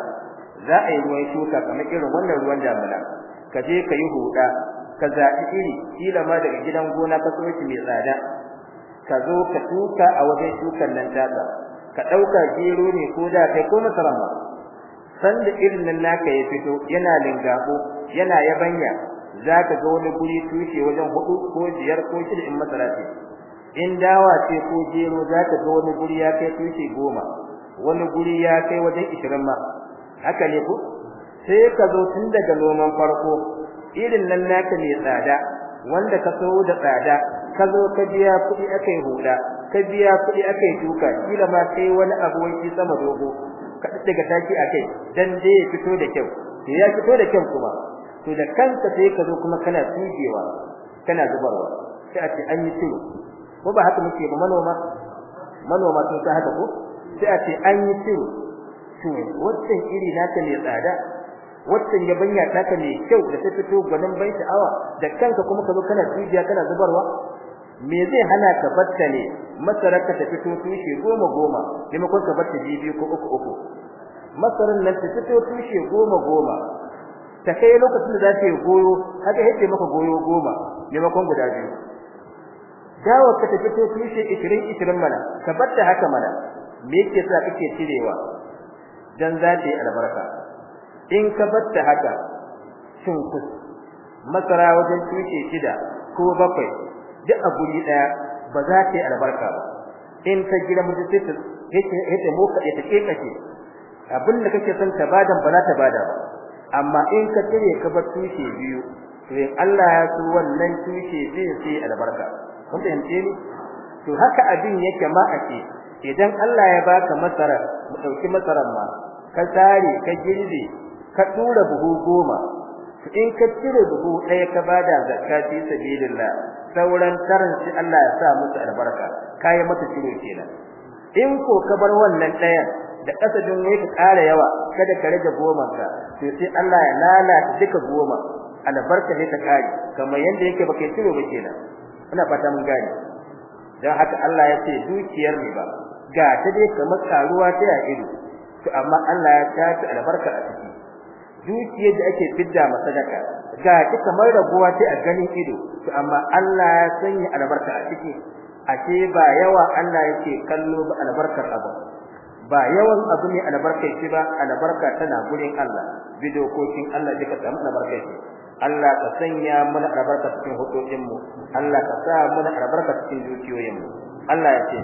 za a yi ruwan shuka kamar irin wannan ruwan damuna ka je ka yi huda ka zaɓi iri kila ma daga gidan gona ka so shi mai tsada ka zo ka tuka a wajen tukan nan daga ka dauka gero ne ko da kai ko masaran ba sanda irin nan naka ya fito yana lingabo yana yabanya zaka ga wani guri tushe wajen hudu ko biyar ko shida in in dawa ce ko za zaka ga wani guri ya kai tushe goma wani guri ya kai wajen 20 ma haka ne ko sai ka zo tun daga noman farko irin nan naka ne tsada wanda ka so da tsada Kazo ka biya kuɗi akai huda, ka biya kuɗi akai duka kila ma sai wani abu wai sama dogo ka daga taki akai dan dai ya fito da kyau to eh, ya fito da kyau kuma to da kanka sai kazo kuma kana tujewa kana zubarwa sai a ce an yi tiro ko ba haka muke ba manoma manoma sun ta haka ko sai a ce an yi tiro to wannan iri naka ne tsada wannan yabanya taka ne kyau da ta fito gwanin ta awa? da kanka kuma kazo kana tujiya kana zubarwa me zai hana ka ne masarar ka ta fito tushe goma goma kun ka batta bibi ko uku uku masarar nan ta fito tushe goma goma ta kai lokacin da za ta yi goyo haka yake maka goyo goma maimakon guda biyu dawo ka ta fito tushe 20 20 mana ka batta haka mana me yake sa kake cirewa dan za ta yi albarka in ka batta haka shin kus masara wajen tushe shida ko bakwai duk a guri daya ba za ta yi albarka ba in ta gida mu sai ta yake mu ka ta abin da kake son ta bada ba za ta bada ba amma in ka tire ka bar tushe biyu to in Allah ya so wannan tushe zai sai albarka kun yanke ni to haka abin yake ma ake idan Allah ya baka masara mu dauki masaran ma ka tare ka girbe ka ɗura buhu goma in ka cire buhu ɗaya ka bada zakati sabilillah sauran tarin shi Allah ya sa musu albarka kai mata cire kenan in ko ka bar wannan ɗayan da kasadin ne ka ƙara yawa kada ka rage goma ka to sai Allah ya lalata duka goma albarka ne ta kare kamar yanda yake baka cire ba kenan ina fata mun gane dan haka Allah ya ce dukiyar ba, ga ta dai kamar karuwa ta ya ido to amma Allah ya tace albarka a ciki dukiyar da ake fidda masadaka ga ki kamar raguwa ce a ganin ido to amma Allah ya sanya albarka a ciki ashe ba yawa Allah yake kallo ba albarkar abu ba yawan abu ne albarkar shi ba albarka tana gurin Allah bidokokin Allah duka ta mun albarkar shi Allah ka sanya mana albarka cikin hudodin mu Allah ka sa mana albarka cikin zuciyoyin mu Allah ya ce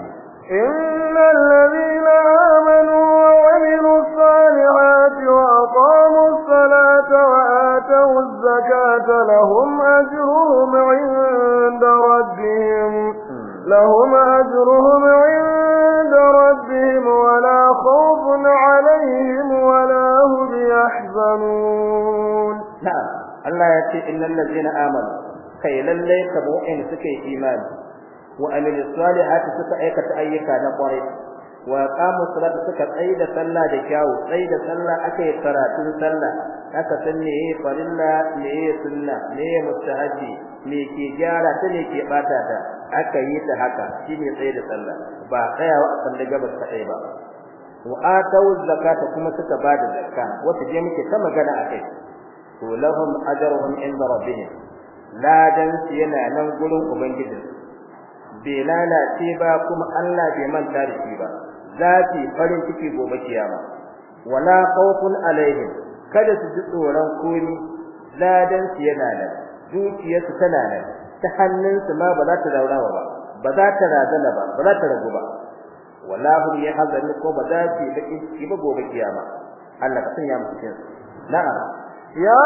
innal ladina amanu وعملوا الصالحات وأقاموا الصلاة وآتوا الزكاة لهم أجرهم عند ربهم لهم أجرهم عند ربهم ولا خوف عليهم ولا هم يحزنون نعم الله يأتي إلا الذين آمنوا كي للي كبوئين سكي إيمان وأمل الصالحات سكي أيكة أيكة نقرئ wa qamu salata suka tsayi da sallah da kyau, tsayi da sallah aka yi karatun sallah aka san me farilla ne sunna ne mustahabi me ke gyara ta ne ke bata ta aka yi ta haka shine tsayi da sallah ba tsayawa a sallah gabas kai ba wa atau zakata kuma suka bada zakka wata je muke ta magana akai to lahum ajruhum inda rabbihim ladan yana nan gurin ubangijin Be lalace ba kuma Allah bai manta da shi ba zafi farin ciki gobe kiyama wala khawfun alaihim kada su ji tsoron komi ladan su yana nan dukiyarsu tana nan ta hannunsu ma ba za ta zaurawa ba ba za ta razana ba ba za ta ragu ba wala hum yahzanu ko ba za su da ciki ba gobe kiyama Allah ka sanya musu cikin na'am ya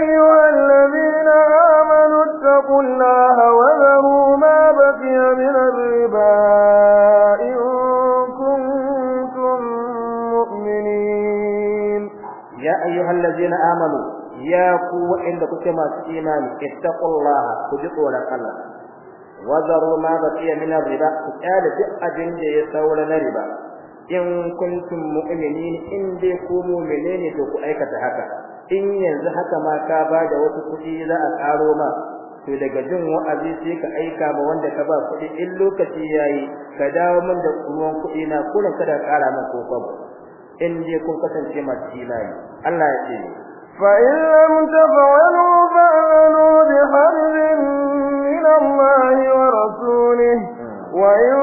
ayyuhal ladina amanu taqullaha wa dharu ma baqiya min riba mu'minin ya ayyuhallazina amanu ya ku wa'inda kuke masu imani ittaqullaha ku ji tsoron Allah wazaru ma baqiya min riba ku kyale duk abin da ya saura na riba in kuntum mu'minin in dai ku mu'mine ne to ku aikata haka in yanzu haka ma ka ba da wasu kuɗi za a ƙaro ma to daga jin wa'azi sai ka aika ba wanda ka ba kuɗi in lokaci yayi ka dawo min da ruwan kuɗi na kula kada ƙara min ko in dai kun kasance masu imani Allah ya ce fa in lam tafawalu fa'alu bi harbin min Allah wa rasulihi wa in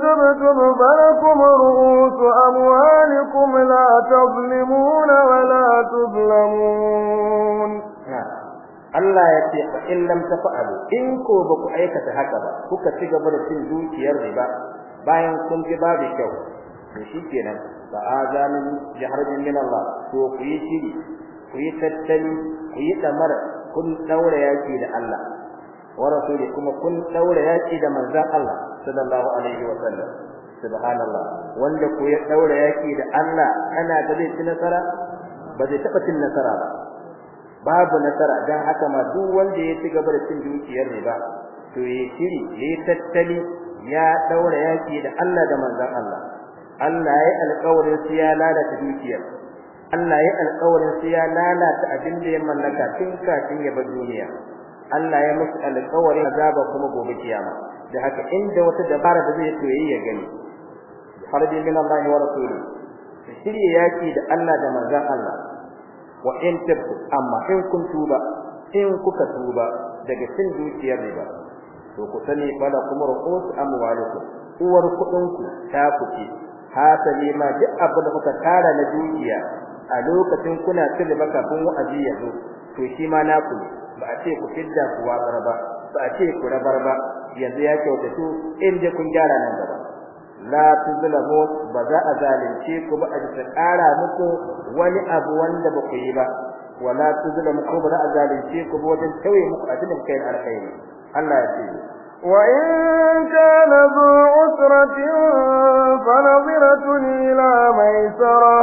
tabtum falakum ru'us amwalikum la tadhlimuna wa la tudlamun Allah ya ce fa in lam tafalu in ko ba ku aikata haka ba kuka ci gaba da cin dukiyar riba bayan kun ji babu kyau to shikenan fa azamin jahrajin min Allah to ku yi shiri ku yi tattali ku yi damar kun daura yaki da Allah wa rasuli kuma kun daura yaki da manzon Allah sallallahu alaihi wa sallam subhanallah wanda ku ya daura yaki da Allah kana da zai ci nasara ba zai taba cin nasara ba babu nasara dan haka ma duk wanda ya ci gaba da cin dukiyar ba, to ya shiri ya tattali ya daura yaki da Allah da manzon Allah Allah ya alƙawarin su ya lalata dukiyar Allah ya alƙawarin su ya lalata abin da ya mallaka tun kafin ya bar duniya Allah ya musu alƙawarin azaba kuma gobe kiyama da haka inda wata dabara da zai yi ya gani farbi min Allah wa rasuluhu shirye yaki da Allah da manzon Allah wa in tabtu amma in kun tuba in kuka tuba daga cin dukiyar riba to ku sani fala kuma ruqus amwalukum uwar kuɗin ku ta kuce ne ma duk abin da kuka tara na dukiya a lokacin kuna cire baka wa'azi ya zo to shi ma na ku ba a ce ku fidda ku wabar ba ba a ce ku rabar ba yanzu ya kyautatu in je kun gyara nan gaba la tuzlamu ba za a zalunce ku ba a ji ƙara muku wani abu wanda ba ku yi ba wala tuzlamu ko ba za a zalunce ku ba wajen tauye muku a cikin kai alkhairi Allah ya ce وإن كان ذو عسرة فنظرة إلى ميسرة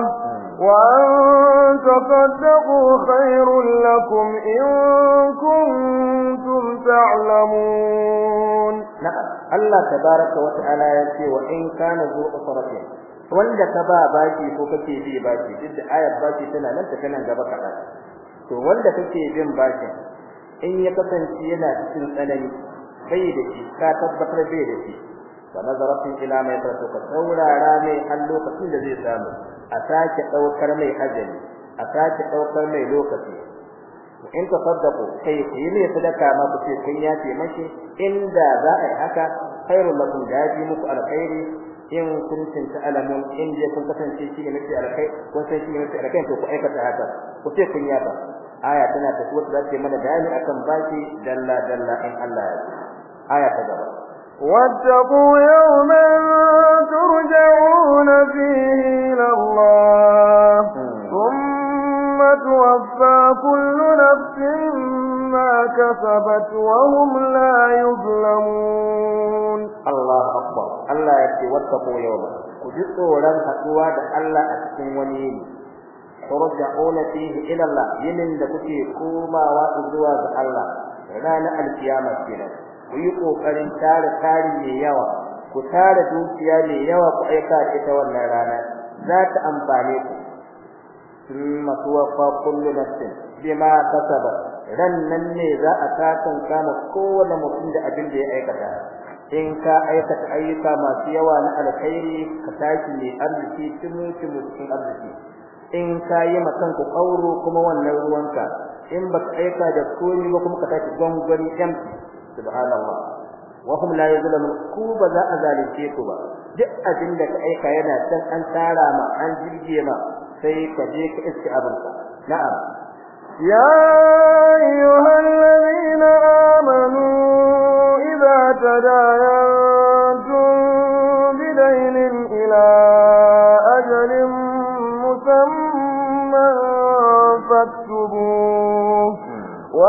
وأن تصدقوا خير لكم إن كنتم تعلمون نعم الله تبارك وتعالى يكي وإن كان ذو عسرة وإذا تبا باكي فكتي بي باكي جد آية باكي سنة لن تكنا جبك باكي وإذا تكي بي باكي إن يتطن سينا تسل ألمي bai da shi ka tabbatar bai da shi fa nazaratin ila mai tarto ka saurara mai har lokacin da zai samu a sake daukar mai ajali a sake daukar mai lokaci in ka saddako kai kai mai sadaka ma ku ce kun yace mashi inda za a yi haka khairul lakum jazi muku alkhairi in kun alamun in je kun kasance shi ne mafi alkhairi kun san shi ne mafi alkhairi to ku aikata haka ku ce kun yaba aya tana tafiya da ce mana bayani akan baki dalla dalla in Allah ya aya ta gaba wattaqu yawman turja'una fihi ila Allah thumma tuwaffa kullu nafsin ma kasabat wa hum la yuzlamun Allah akbar Allah yake wattaqu yawman ku ji tsoron haduwa da Allah a cikin wani yini turja'una fihi ila Allah yinin da kuke komawa zuwa ga Allah ranar alkiyama kenan ku yi kokarin tara tari mai yawa ku tara dukiya mai yawa ku aika ita wannan rana za ta amfane ku thumma fa kullu nafsin bima kasaba ran nan ne za a takan kama kowane mutum da abin da ya aikata in ka aikata ayyuka masu yawa na alkhairi ka tashi ne arziki tumu tumu cikin arziki in ka yi makan ku kauro kuma wannan ruwanka in ba ka aika da komai ba kuma ka tashi gwangwani empty subhanallah wa hum la yuzlamun ku ba za a zalunce ku ba duk abin da ka aika yana san an tsara ma an jirge ma sai ka je ka iske abin ka na'am ya ayyuhallazina amanu idza tadayantum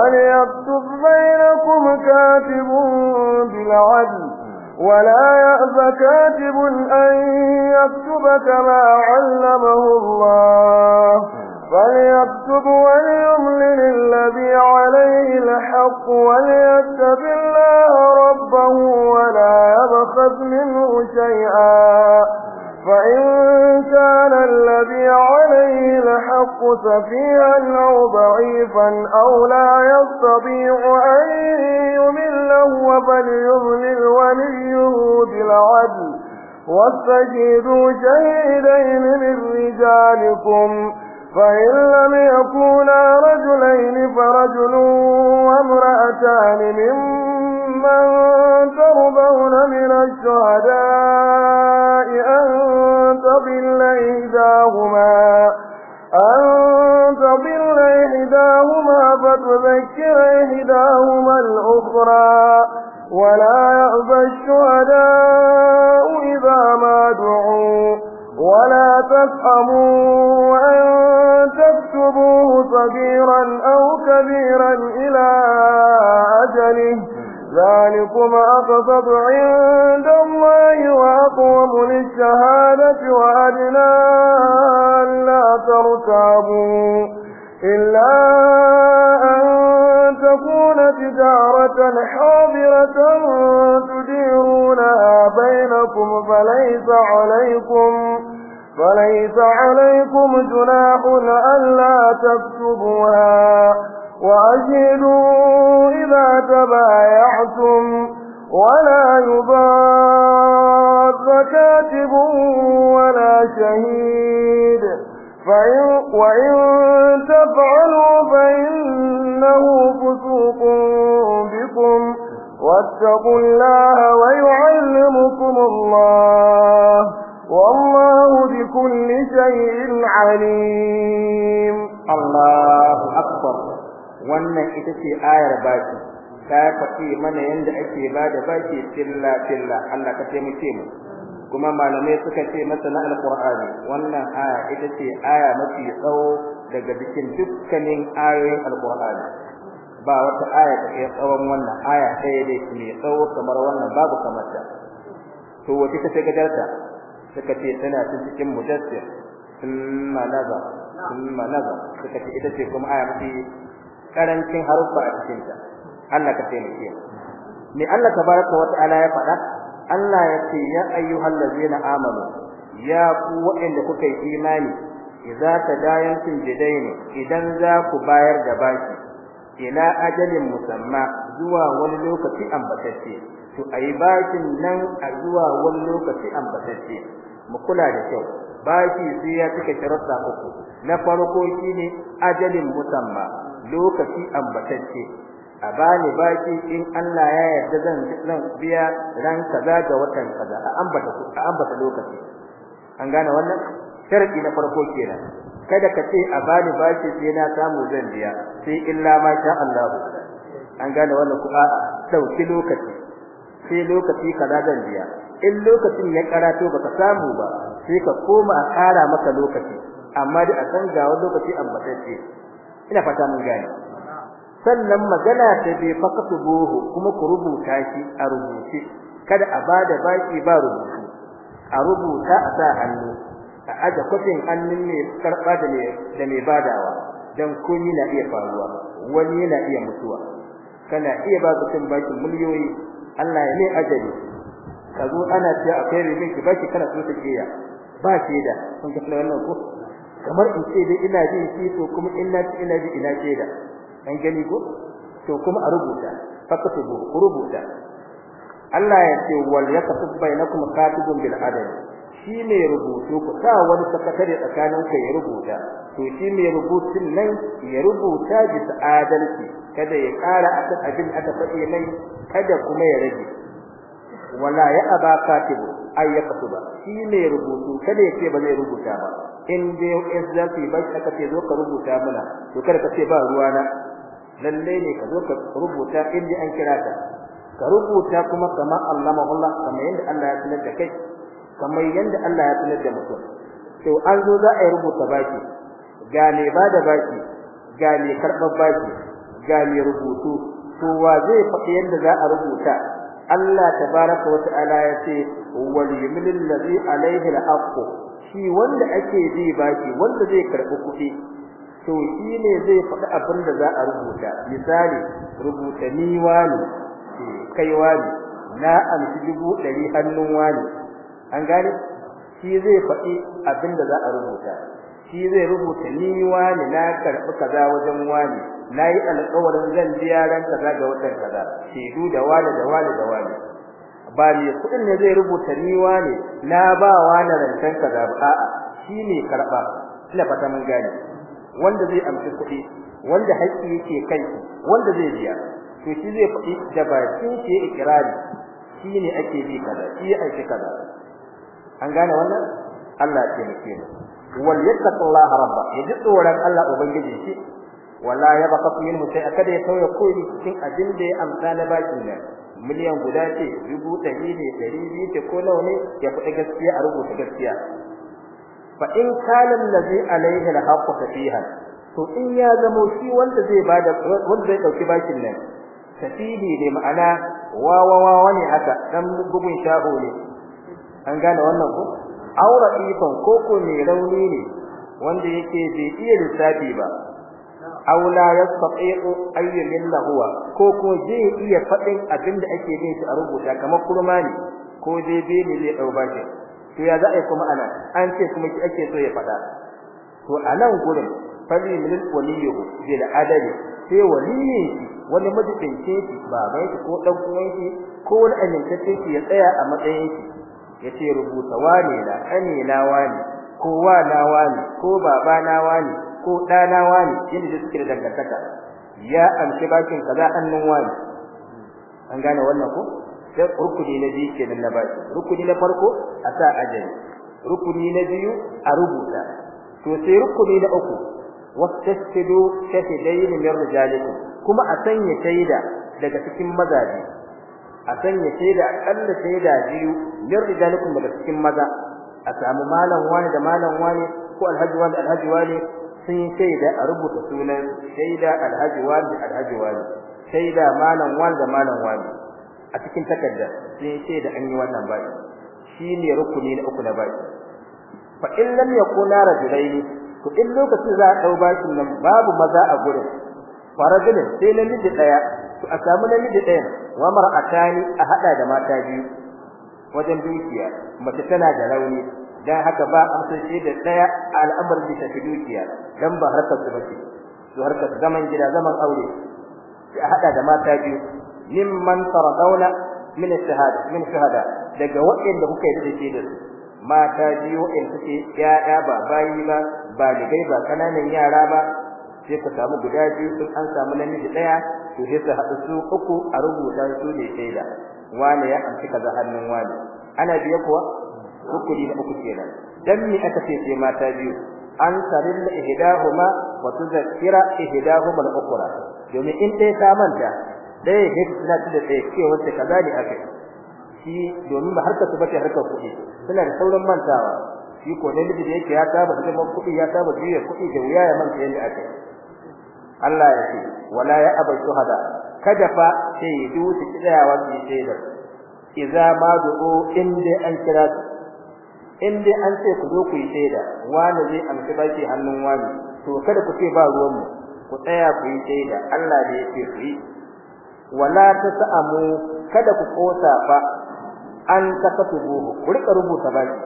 وليكتب بينكم كاتب بالعدل ولا يأب كاتب أن يكتب كما علمه الله فليكتب وليملل الذي عليه الحق وليتب الله ربه ولا يبخذ منه شيئا فإن كان الذي عليه الحق سفيها أو ضعيفا أو لا يستطيع أن يمله فليظلل وليه بالعدل واستجيدوا شهدين من رجالكم فإن لم يكونا رجلين فرجل وامرأتان ممن ترضون من الشهداء أن تضل إحداهما أن تضل إحداهما فتذكر إحداهما الأخرى ولا يأبى الشهداء إذا ما دعوا ولا تفهموا أن تكتبوه صغيرا أو كبيرا إلى أجله ذلكم أقصد عند الله وأقوم للشهادة وأدنى لا ترتابوا إلا أن تكون تجارة حاضرة تديرونها بينكم فليس عليكم فليس عليكم جناح ألا تكتبوها وأجهدوا إذا تبايعتم ولا يبارك كاتب ولا شهيد فإن وإن تفعلوا فإنه فسوق بكم واتقوا الله ويعلمكم الله والله بكل شيء عليم الله أكبر wannan ita ce ayar baki ta faɗi mana yanda ake bada baki tilla tilla Allah ka taimake kuma malamai suka ce masa na alqur'ani wannan aya ita ce aya mafi tsawo daga cikin dukkanin ayoyin alqur'ani ba wata aya da ke tsawon wannan aya ɗaya dai ne tsawo kamar wannan babu kamar ta to wace ta suka ce tana cikin mudassir thumma naza thumma naza suka ce ita ce kuma aya mafi karancin haruffa a cikin ta Allah ka taimake mu ne Allah tabaraka wa ta'ala ya faɗa Allah ya ce ya ayyuhal ladzina amanu ya ku waɗanda kuka yi imani dayan tadayantum bidaini idan za ku bayar da baki ila ajalin musamma zuwa wani lokaci ambatacce to ayi bakin nan a zuwa wani lokaci ambatacce mu kula da kyau baki sai ya cika sharuɗa uku na farko shine ajalin musamma lokaci ambatacce a bani baki in Allah ya yarda zan zan biya ran kaza ga watan kaza a ambata a ambata lokaci an gane wannan sharadi na farko kenan kada ka ce a bani baki sai na samu zan biya sai illa ma sha Allah an gane wannan ku a dauki lokaci sai lokaci kaza zan biya in lokacin ya karato baka samu ba sai ka koma a kara maka lokaci amma da a san ga wani lokaci ambatacce ina fata mun gane sannan magana ta bai fakatu buhu kuma ku rubuta shi a rubuce kada a bada baki ba rubutu a rubuta a sa hannu a aje kofin hannun ne karba da ne da mai badawa dan yi na iya faruwa wani na iya mutuwa kana iya ba mutum bakin miliyoyi Allah ya ne ajali ka zo ana ce akwai riga ki baki kana so ta jiya ba ke da kun ga wannan ko kamar in ce dai ina ji shi to kuma ina ci ina ji ina ce da an gani ko to kuma a rubuta bu rubuta Allah ya ce wal yakatub bainakum katibun bil adl shi ne rubutu ku Ta wani sakatare tsakanin ku ya rubuta to shi ne rubutun nan ya rubuta bisa adalci kada ya kara akan abin aka faɗi nan kada kuma ya rage wala ya aba katibu ay yaktuba shi ne rubutu kada ya ba zai rubuta ba in dai izzati ba ka ce zo ka rubuta mana to kada ka ce ba ruwa na lalle ne ka zo ka rubuta in dai an kira ka ka rubuta kuma kama allamahu Allah kama yanda Allah ya sanar da kai kama yanda Allah ya sanar da mutum to an zo za a rubuta baki ga ne ba da baki ga ne karɓar baki ga ne rubutu kowa zai faɗi yanda za a rubuta Allah tabaraka wa ta'ala ya ce wal yumlil ladhi alayhi al-haqq shi wanda ake ji baki wanda zai karbi kuɗi to shi ne zai faɗi abin da za a rubuta misali rubuta ni wani eh, kai wani na amshi dubu ɗari hannun wani an gane shi zai faɗi abin da za a rubuta shi zai rubuta ni wani na karɓi kaza wajen wani nayi alƙawarin zan ji yaran kaza ga watan kaza shedu da wani da wani da wani ba ni kudin ne zai rubuta ni wani na ba wani rantan kaza ba a'a shine karba ina fata mun gane wanda zai amshi kudi wanda haƙƙi yake kai wanda zai biya to shi zai faɗi da bakin shi ikrari shine ake bi kaza shi ake kaza an gane wannan Allah ya taimake mu wal yattaqillaha rabba yaji tsoron Allah ubangiji shi wala ya baka min mutai kada ya sauya koyi cikin abin da ya amsa na baki ne miliyan guda ce dubu ɗari ne ɗari biyu ce ko nawa ne ya faɗi gaskiya a rubuta gaskiya fa in kana allazi alaihi alhaqqu safihan to in ya zamo shi wanda zai bada wanda zai dauki bakin nan safihi ne ma'ana wawa wawa ne haka dan bugun shaho ne an gane wannan ko aura ikon koko mai rauni ne wanda yake bai iya lissafi ba aw la yastati'u an ko ko je iya fadin abinda ake bin shi a rubuta kamar kurmani ne ko dai bene zai dauba shi to ya za'i a kuma ana an ce kuma ki ake so ya fada to anan gurin fali min waliyuhu da adali sai waliyin shi wani ce shi baban shi ko dan uwan shi ko wani amintacce shi ya tsaya a matsayin shi yace rubuta wani na kane na wani ko wa na wani ko baba na wani ko ɗana wani yadda suke da dangantaka ya amshi bakin kaza annun wani an gane wannan ko sai rukuni na biyu ke nan na baki rukuni na farko a sa ajali rukuni na biyu a rubuta to sai rukuni na uku wastashhidu shahidayn min rijalikum kuma a sanya shaida daga cikin mazaje a sanya shaida akalla shaida biyu min rijalikum daga cikin maza a samu malam wani da malam wani ko alhaji wani da alhaji wani sun shaida a rubuta sunan shaida alhaji wani alhaji wani shaida malam wani da malam wani a cikin takarda sun shaida an yi wannan baki ne rukuni na uku na baki fa in lam yakuna rajulaini to in lokacin za a dau bakin nan babu maza a gurin rajulin sai namiji daya to a samu namiji daya wa mar'atani a hada da mata biyu wajen dukiya mace tana da rauni dan haka ba shi da daya al'amarin da tafi dukiya dan ba harka su bace to harka zaman gida zaman aure ya hada da mata biyu mimman taradawla min shahada min shahada daga da kuka yi da da su mata biyu in suke yaya ba bayi ba ba dai ba kananan yara ba sai ka samu guda biyu in an samu namiji daya to sai su haɗu su uku a rubuta su ne wani ya amshi kaza hannun wani. ana biye kuwa rukuni da uku kenan dan me aka ce sai mata biyu an sarilla ihdahuma wa tudhakkira ihdahuma al-ukhra domin in dai ta manta dai hidda da dai wacce kaza ne aka shi domin ba harka su bace harkar kuɗi suna da sauran mantawa shi ko dai da yake ya saba da kuma kuɗi ya saba da kuɗi da wuya ya manta yanda aka Allah ya ce wala ya abu shuhada kada fa sai du tsayawa ki sai da idza ma du'u in dai an kira in dai an ce ku zo ku yi shaida wani zai amshi baki hannun wani to kada ku ce ba ruwan mu ku tsaya ku yi shaida Allah da yake ku yi wala tasamu kada ku kosa ba an takatubu ku rika rubuta baki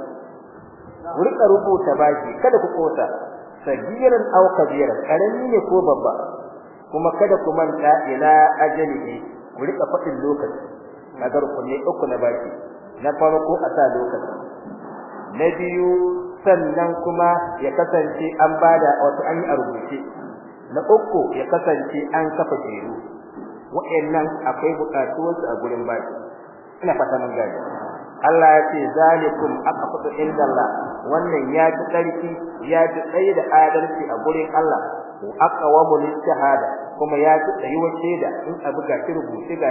ku rika rubuta baki kada ku kosa sagiran aw kabiran karami ne ko babba kuma kada ku manta ila ajalihi ku rika fadin lokaci nagar ne uku na baki na farko a sa lokaci na biyu sannan kuma ya kasance an bada wato an yi a rubuce na uku ya kasance an kafa jeru wa'annan akwai bukatuwarsu a gurin baki ina fata mun gaji Allah ya ce zalikum aqfatu indallah wannan ya ji tsarki ya ji tsayi da adalci a gurin Allah wa aqwamu lishahada kuma ya ji tsayuwar da in abu ga rubuce ga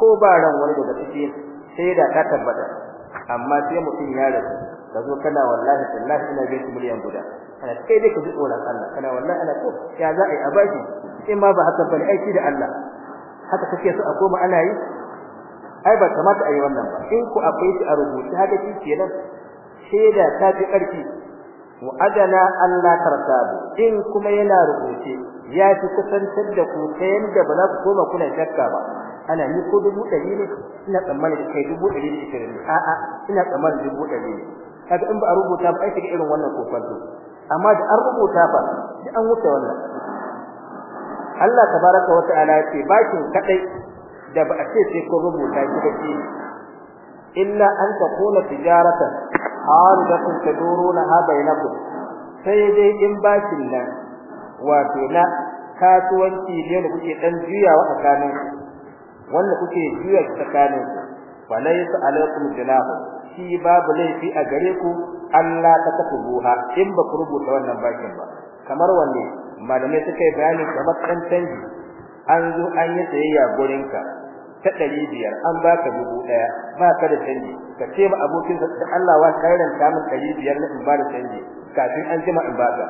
ko ba ran wani daga cikin shaida ta tabbata amma sai mutum ya rasu ka zo kana wallahi tallahi ina jin miliyan guda kana kai dai ka ji tsoron Allah kana wallahi ana ko ya za a yi abaji in ma ba haka bane aiki da Allah haka kake so a koma ana yi ai ba kamata a yi wannan ba in ku akwai shi a rubuce haka shi kenan shaida ta fi ƙarfi wa adana Allah ba, in kuma yana rubuce ya fi kusantar da ku ta yanda ba za ku koma kuna shakka ba ana ni ko dubu ɗari ne ina tsammanin da kai dubu ɗari da ishirin ne a'a ina tsammanin dubu ɗari ne kaga in ba a rubuta ba ai shiga irin wannan kofanto amma da an rubuta ba sai an wuce wannan Allah tabaraka wa ta'ala ya ce bakin kadai da ba a ce sai ko rubuta shi da shi illa an takuna tijaratan haridatun taduruna ha bainakum sai dai in bakin nan wato na kasuwanci ne da kuke dan juyawa a tsakanin wanda kuke jiya tsakanin fa laysa alaykum jinahu shi babu laifi a gare ku Allah ta takubuha in ba ku rubuta wannan bakin ba kamar wanne malamai suka yi bayani kamar kan canji an zo an yi gurin ka ta ɗari biyar an baka dubu ɗaya ba ka da canji ka ce ma abokin ka da Allah wa kairan ta mun ɗari biyar na ba da canji kafin an jima in baka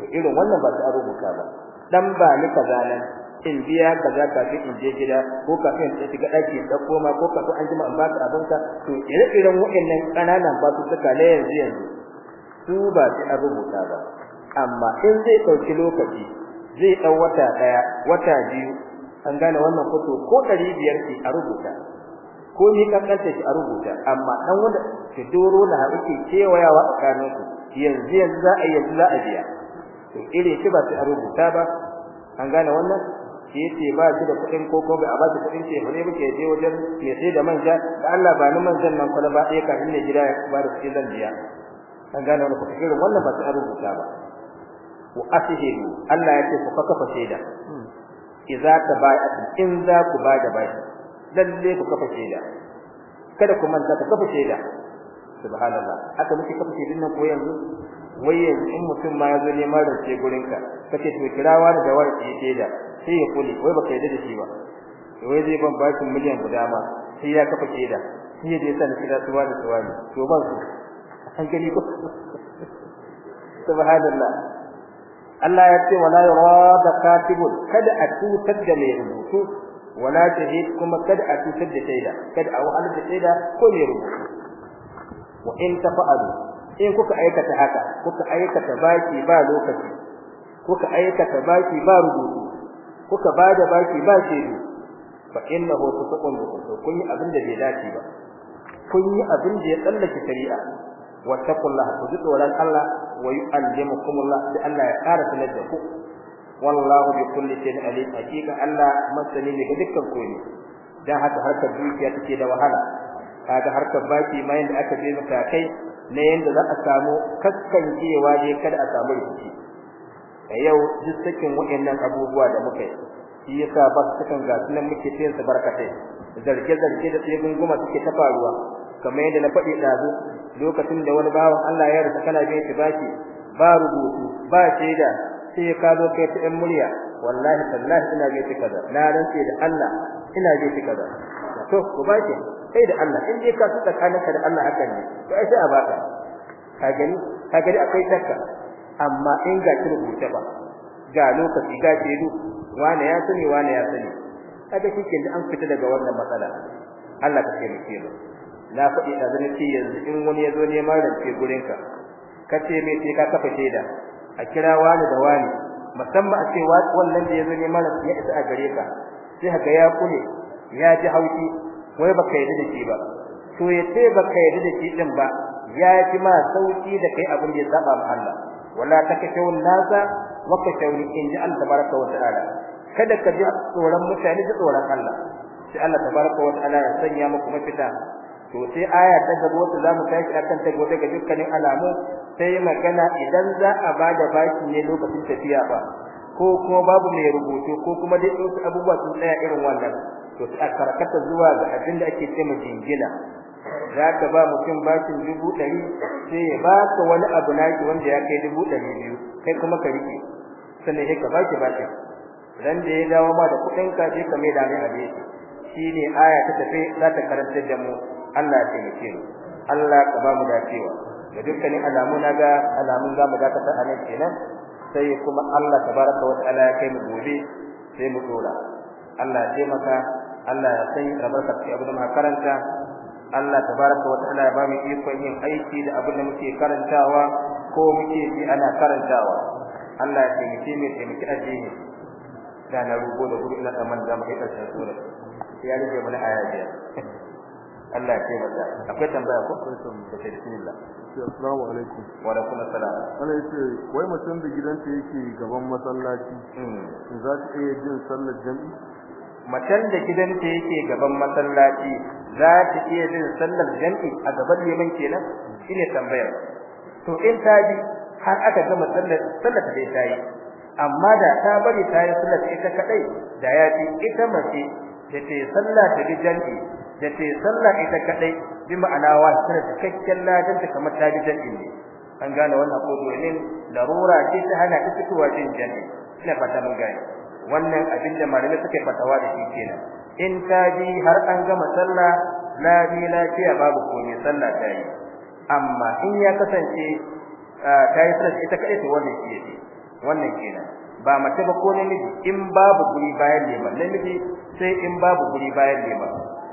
to irin wannan ba a rubuta ba dan ba ni kaza nan in biya ka ka kafin in je gida ko kafin in shiga ɗaki da koma ko kafin an jima in ba abin ka to ire-iren waɗannan ƙananan ba su suka na yanzu yanzu su ba su a rubuta ba amma in zai ɗauki lokaci zai ɗau wata ɗaya wata biyu an gane wannan kwato ko ɗari biyar ce a rubuta ko ni kankanta shi a rubuta amma dan wanda ke doro na ke kewayawa a kanin yanzu yanzu za a yanzu za a biya to ire shi ba su a rubuta ba an gane wannan yace ba shi da kuɗin ko ko bai a ba shi kuɗin ce hore muke je wajen ya sai da manja da Allah ba ni manjan nan kula ba sai ka ne gida ya ba da kuɗin zan biya an gane wannan kuɗi irin wannan ba ta rubuta ba wa asihi Allah yace ku kafa shaida idza tabayatu in za ku ba da bai lalle ku kafa shaida kada ku manta ku kafa shaida subhanallah aka muke kafa shaidin nan ko yanzu wai yanzu in mutum ma ya yazo neman rance gurinka kace to kirawa da wani shaida sai ya kule wai baka yadda shi ba wai zai ban bakin miliyan guda ma sai ya kafa keda shi ne da yasa na kira tuwa da tuwa ne to ban su an gani ko subhanallah Allah ya ce wala yurada katibun kada a tadda da mai rubutu wala tahid kuma kada a tadda da shaida kada a wahalar da shaida ko mai rubutu wa in tafa'alu in kuka aikata haka kuka aikata baki ba lokaci kuka aikata baki ba rubutu kuka bada baki ba shaidu fa innahu tusqun bikum to kun yi abin da bai dace ba kun yi abin da ya tsallake shari'a wa taqullaha ku wala tsoron Allah wa Allah bi Allah ya ƙara sanar da ku wallahu bi kulli shay'in alim hakika Allah masani ne ga dukkan koyi dan haka harkar dukiya take da wahala kaga harkar baki ma da aka je maka kai ne yanda za a samu kaskancewa je kada a samu rikici yau duk cikin waɗannan abubuwa da muka yi shi yasa ba su cikin gasu muke cikin su barkatai zarge zarge da tsegunguma suke ta faruwa kamar yadda na faɗi ɗazu lokacin da wani bawan Allah ya rasa kana bai baki ba rubutu ba shaida sai ka zo kai ta ɗan murya wallahi tallahi ina bai kaza na rantse da Allah ina bai kaza to ku ba ki sai da Allah in dai ka tsakaninka da Allah hakan ne to ai sai a baka ka gani ka gani akwai takka amma in ga ki rubuta ba ga lokaci ga shedu wani ya sani wani ya sani kada kike da an fita daga wannan matsala Allah ka miki ne na faɗi da zan ce yanzu in wani ya zo neman rance gurin ka kace me sai ka kafa sheda a kira wani da wani musamman a ce wannan da ya zo neman rance ya isa a gare ka sai haka ya kule ya ji hauki wai baka yi da shi ba to yace baka yi da shi din ba ya ji ma sauki da kai abin da ya saba Allah wala takashaw nasa wa kashawni in Allah tabaraka wa ta'ala kada ka ji tsoron mutane da tsoron Allah sai Allah tabaraka wa ta'ala ya sanya muku mafita to sai aya ta gaba wata zamu tashi akan ta gobe ga dukkanin alamu sai magana idan za a bada baki ne lokacin tafiya ba ko kuma babu mai rubutu ko kuma dai wasu abubuwa sun tsaya irin wannan to sai a karkata zuwa ga abin da ake cewa jingina za ka ba mutum bakin dubu ɗari sai ya baka wani abu naki wanda ya kai dubu ɗari biyu kai kuma ka rike sannan sai ka baki baki. dan da ya dawo ma da kuɗin ka sai ka mai da mai abin shine aya ta tafi za ta karanta da mu Allah ya taimake mu Allah ka ba mu dacewa da dukkanin alamu naga alamun za mu dakata a nan kenan sai kuma Allah tabaraka wa ta'ala ya kai mu gobe sai mu dora Allah ya taimaka Allah ya san albarkar abin da karanta Allah tabaraka wa ta'ala ya ba mu ikon yin aiki da abin da muke karantawa ko muke ji ana karantawa Allah ya taimake mu taimake addini da na rubo da gudu ina man da mu kai sura ya rike mana aya biyar Allah ya taimaka akwai tambaya ko ta bismillah assalamu alaikum wa alaikum assalam Allah yace wai mutum da gidanta yake gaban masallaci hmm. za ta iya jin sallar jami'i Matan da gidanta yake gaban masallaci za ta iya jin sallar jam'i a gaban liman kenan shine tambayar to in ta bi har aka gama sallar sallar da ta yi amma da ta bari ta yi sallar ita kadai da ya fi ita mace da ta yi sallar ta bi jam'i da ta yi sallar ita kadai bi ma'ana wa tana cikakken ladan ta kamar ta bi jam'i ne an gane wannan ko domin larura ce ta hana ta fitowa jin jam'i ina fata mun gane wannan abin da malamai suke fatawa da shi kenan in ka ji har an gama sallah la bi lafiya babu komai sallah ta yi amma in ya kasance ta yi sallah ita kadai to wannan shi yake wannan kenan ba mace ba ko namiji in babu guri bayan lema namiji sai in babu guri bayan lema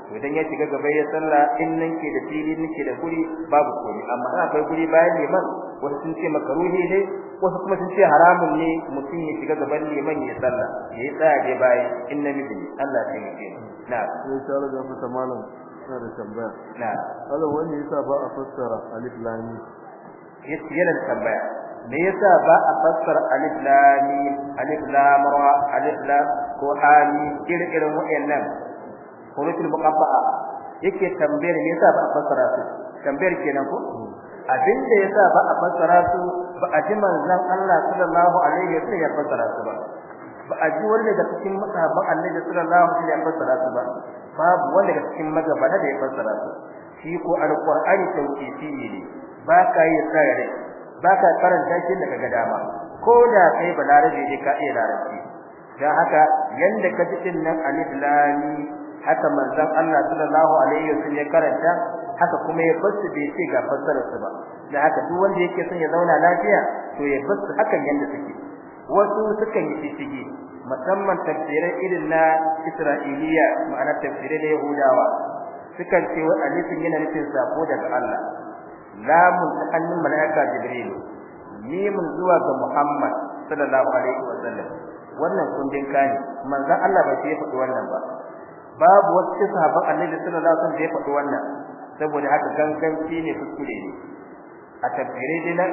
to idan ya shiga gaba ya sallah in nan ke da fili nake da guri babu komai amma akwai guri bayan lema wasu sun ce makaruhi ne wasu kuma sun ce haramun ne mutum ya shiga gaban neman ya sallah ya yi tsaya dai bayan in namiji ne Allah ya yi na sai tsara ga fata malam na da tambaya na Allah wani yasa ba a fassara alif lam yace yana tambaya me yasa ba a fassara alif lam alif lam ra alif lam ko hali irin wa'annan hurutul muqaffa'a yake tambayar me yasa ba a fassara su tambayar kenan ko hmm. abin da yasa ba a fassara su ba a ji manzon Allah sallallahu alaihi wasallam ya fassara su ba ba a ji wanda daga cikin masahaban Allah sallallahu alaihi wasallam ya fassara su ba babu wanda daga cikin magaba da ya fassara su shi ko alqur'ani shi ne ba ka yi tsare ba ka karanta shi daga gadama ko da kai balarabe ne ka iya larabci dan haka yanda ka ji din nan alif lam haka manzon Allah sallallahu alaihi wasallam ya karanta haka kuma ya fasu bai ce ga fassarar su ba da haka duk wanda yake son ya zauna lafiya to ya fassu hakan yanda take wasu sukan yi shishigi musamman tafsirai irin na Isra'iliya ma'ana tafsirai da Yahudawa sukan ce wa alifin yana nufin sako daga Allah lamun ta hannun malaika Jibril mun zuwa ga Muhammad sallallahu alaihi sallam wannan kundin kani manzon Allah ba shi ya faɗi wannan ba babu wasu sahaba Annabi sallallahu alaihi wasallam da ya faɗi wannan saboda haka ganganci ne kuskure ne a tabbire dai nan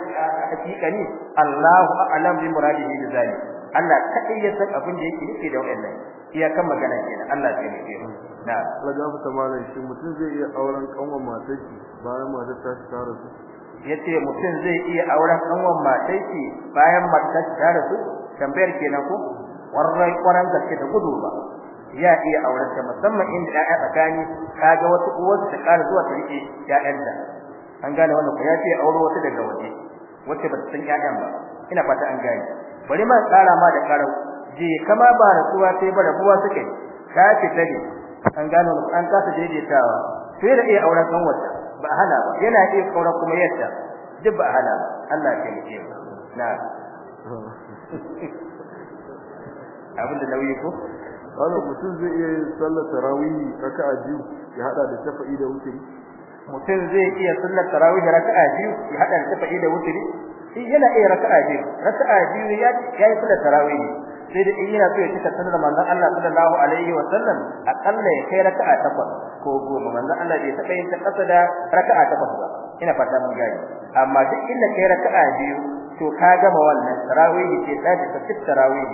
hakika ne Allahu a'lam bi muradihi bi zalik Allah kadai ya san abin da yake nufi da wannan kan magana kenan Allah zai nufi na Allah ya ta malam shi mutum zai iya auren kanwan matar shi bayan matar ta ta su yace mutum zai iya auren kanwan matar shi bayan matar ta su tambayar kenan ko warrai kwaran ke da gudu ba ya iya aurenta musamman inda ƴaƴa tsakani kaga wata uwar ta ƙara zuwa ta rike ƴaƴanta an gane wannan ko ya ce aure wata daga waje wacce ba ta san ƴaƴan ba ina fata an gane bari ma tsara ma da karau je kama ba rasuwa sai ba rabuwa suke ka ce tare an gane wannan an kasa daidaitawa sai da iya auren kan wata ba hana ba yana iya kaura kuma yadda duk ba hana ba Allah ya kike na da nauyi ko wannan mutum zai iya yin sallar tarawih raka'a biyu ya hada da shafa'i da wuturi mutum zai iya sallar tarawih raka'a biyu ya hada da shafa'i da wuturi shi yana iya raka'a biyu raka'a biyu ya yi sallar tarawih sai da in yana so ya cika sunnar manzon Allah sallallahu alaihi wa sallam akalla ya kai raka'a takwas ko goma manzon Allah bai taɓa yin ta da raka'a takwas ba ina fata mun gani amma duk inda kai raka'a biyu to ka gama wannan tarawih ce da ta tarawih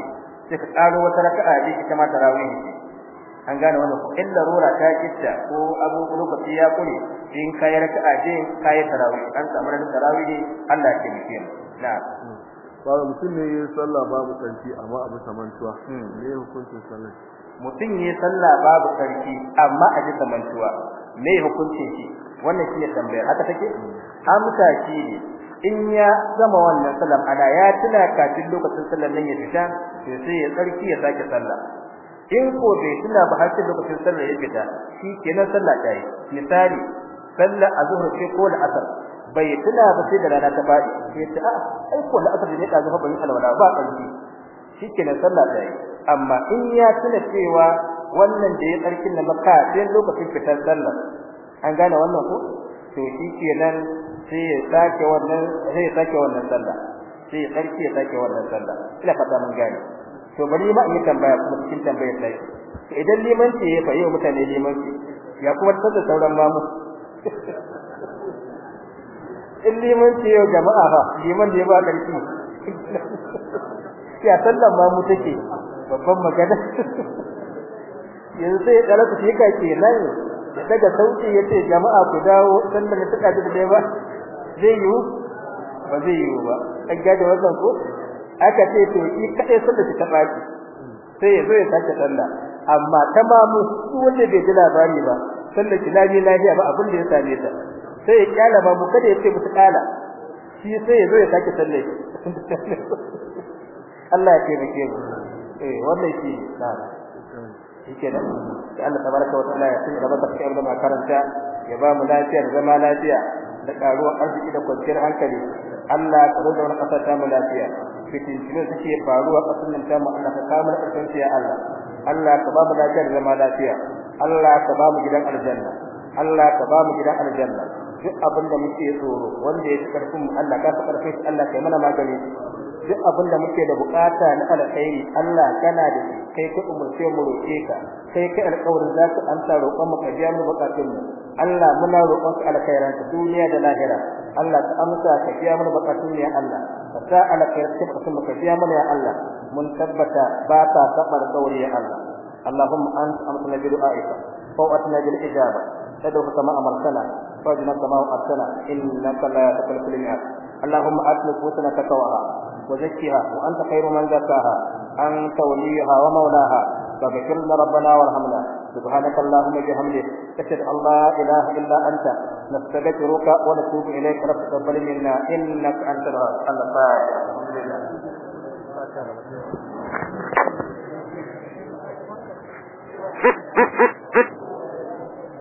sai ka karo wata raka'a da shi ma tarawih an gane wannan ko illa rura ta kitta ko abu lokaci ya kure in yi raka'a je yi tarawih an samu ran tarawih Allah ya kiyaye na babu mutum ne ya sallah babu sarki amma abu samantuwa hmm. me hukuncin sallah mutum ne sallah babu sarki amma aji samantuwa me hukuncin shi wannan shi ne tambayar haka take hmm. amsa shi ne in ya zama wannan sallar ana ya tuna kafin lokacin sallar nan ya fita sai ya tsarki ya sake sallah in ko bai tuna ba har lokacin sallar ya fita shi kenan sallah ta yi misali sallar azhar ce ko la'asar bai tuna ba sai da rana ta fadi sai ta a ah, ai ko la'asar ne ka zuwa bayin alwala ba tsarki shi kenan sallah ta yi amma in ya tuna cewa wannan da ya tsarkin na makka sai lokacin fitar sallar an gane wannan ko to shi kenan sai ya sake wannan sai ya sake wannan sallah sai ya sarki ya sake wannan sallah ila fata mun gane to bari ma in tambaya kuma cikin tambayar sai idan liman ce ya fayi mutane liman ce ya kuma tsada sauran mamu in liman ce yo jama'a fa liman da ya ba karfi ya sallan mamu take babban magana yanzu sai ya kalata shi kake nan ya daga sauti yace jama'a ku dawo sallar da take da ba zai yi ba zai yi ba an ga da wannan ko aka ce to ki kadai sallar ta baki sai ya zo ya sake sallah amma tamamu su wanda bai ba ni ba sallar ki laji lafiya ba abin da ya same ta sai ya kyala ba mu kada ya ce mutu kala shi sai ya zo ya sake sallah Allah ya taimake mu eh wannan shi ne shikenan da Allah tabaraka wa ta'ala ya sanya gaba da kai da makaranta ya ba mu lafiya da zama lafiya da karuwar arziki da kwanciyar hankali Allah ka rage wani kasar ta mu lafiya fitintinu suke faruwa kasar nan ta mu Allah ka kama da kasar ya Allah Allah ka ba mu lafiya da zama lafiya Allah ka ba mu gidan aljanna Allah ka ba mu gidan aljanna duk abin da muke tsoro wanda ya ci karfin mu Allah ka sa karfin Allah kai mana magani duk abin da muke da bukata na alkhairi Allah kana da shi kai ka umurce mu roke ka kai kai alƙawarin za ka amsa roƙon mu ka biya mu bukatun mu Allah muna roƙon ka alkhairan ka duniya da lahira Allah ka amsa ka biya mu bukatun ya Allah ka sa alkhairin ka kuma ka biya mu ya Allah mun tabbata ba ta sabar kauri ya Allah اللهم أنت أمرنا بدعائك فوأتنا بالإجابة تدعو كما أمرتنا واجنا كما وأتنا إنك لا تخلف الميعاد اللهم آت نفوسنا تقواها وزكها وأنت خير من زكاها أنت وليها ومولاها فذكرنا ربنا وارحمنا سبحانك اللهم بحمدك أشهد أن لا إله إلا أنت نستغفرك ونتوب إليك رب تقبل منا إنك أنت الغفور الرحيم الحمد لله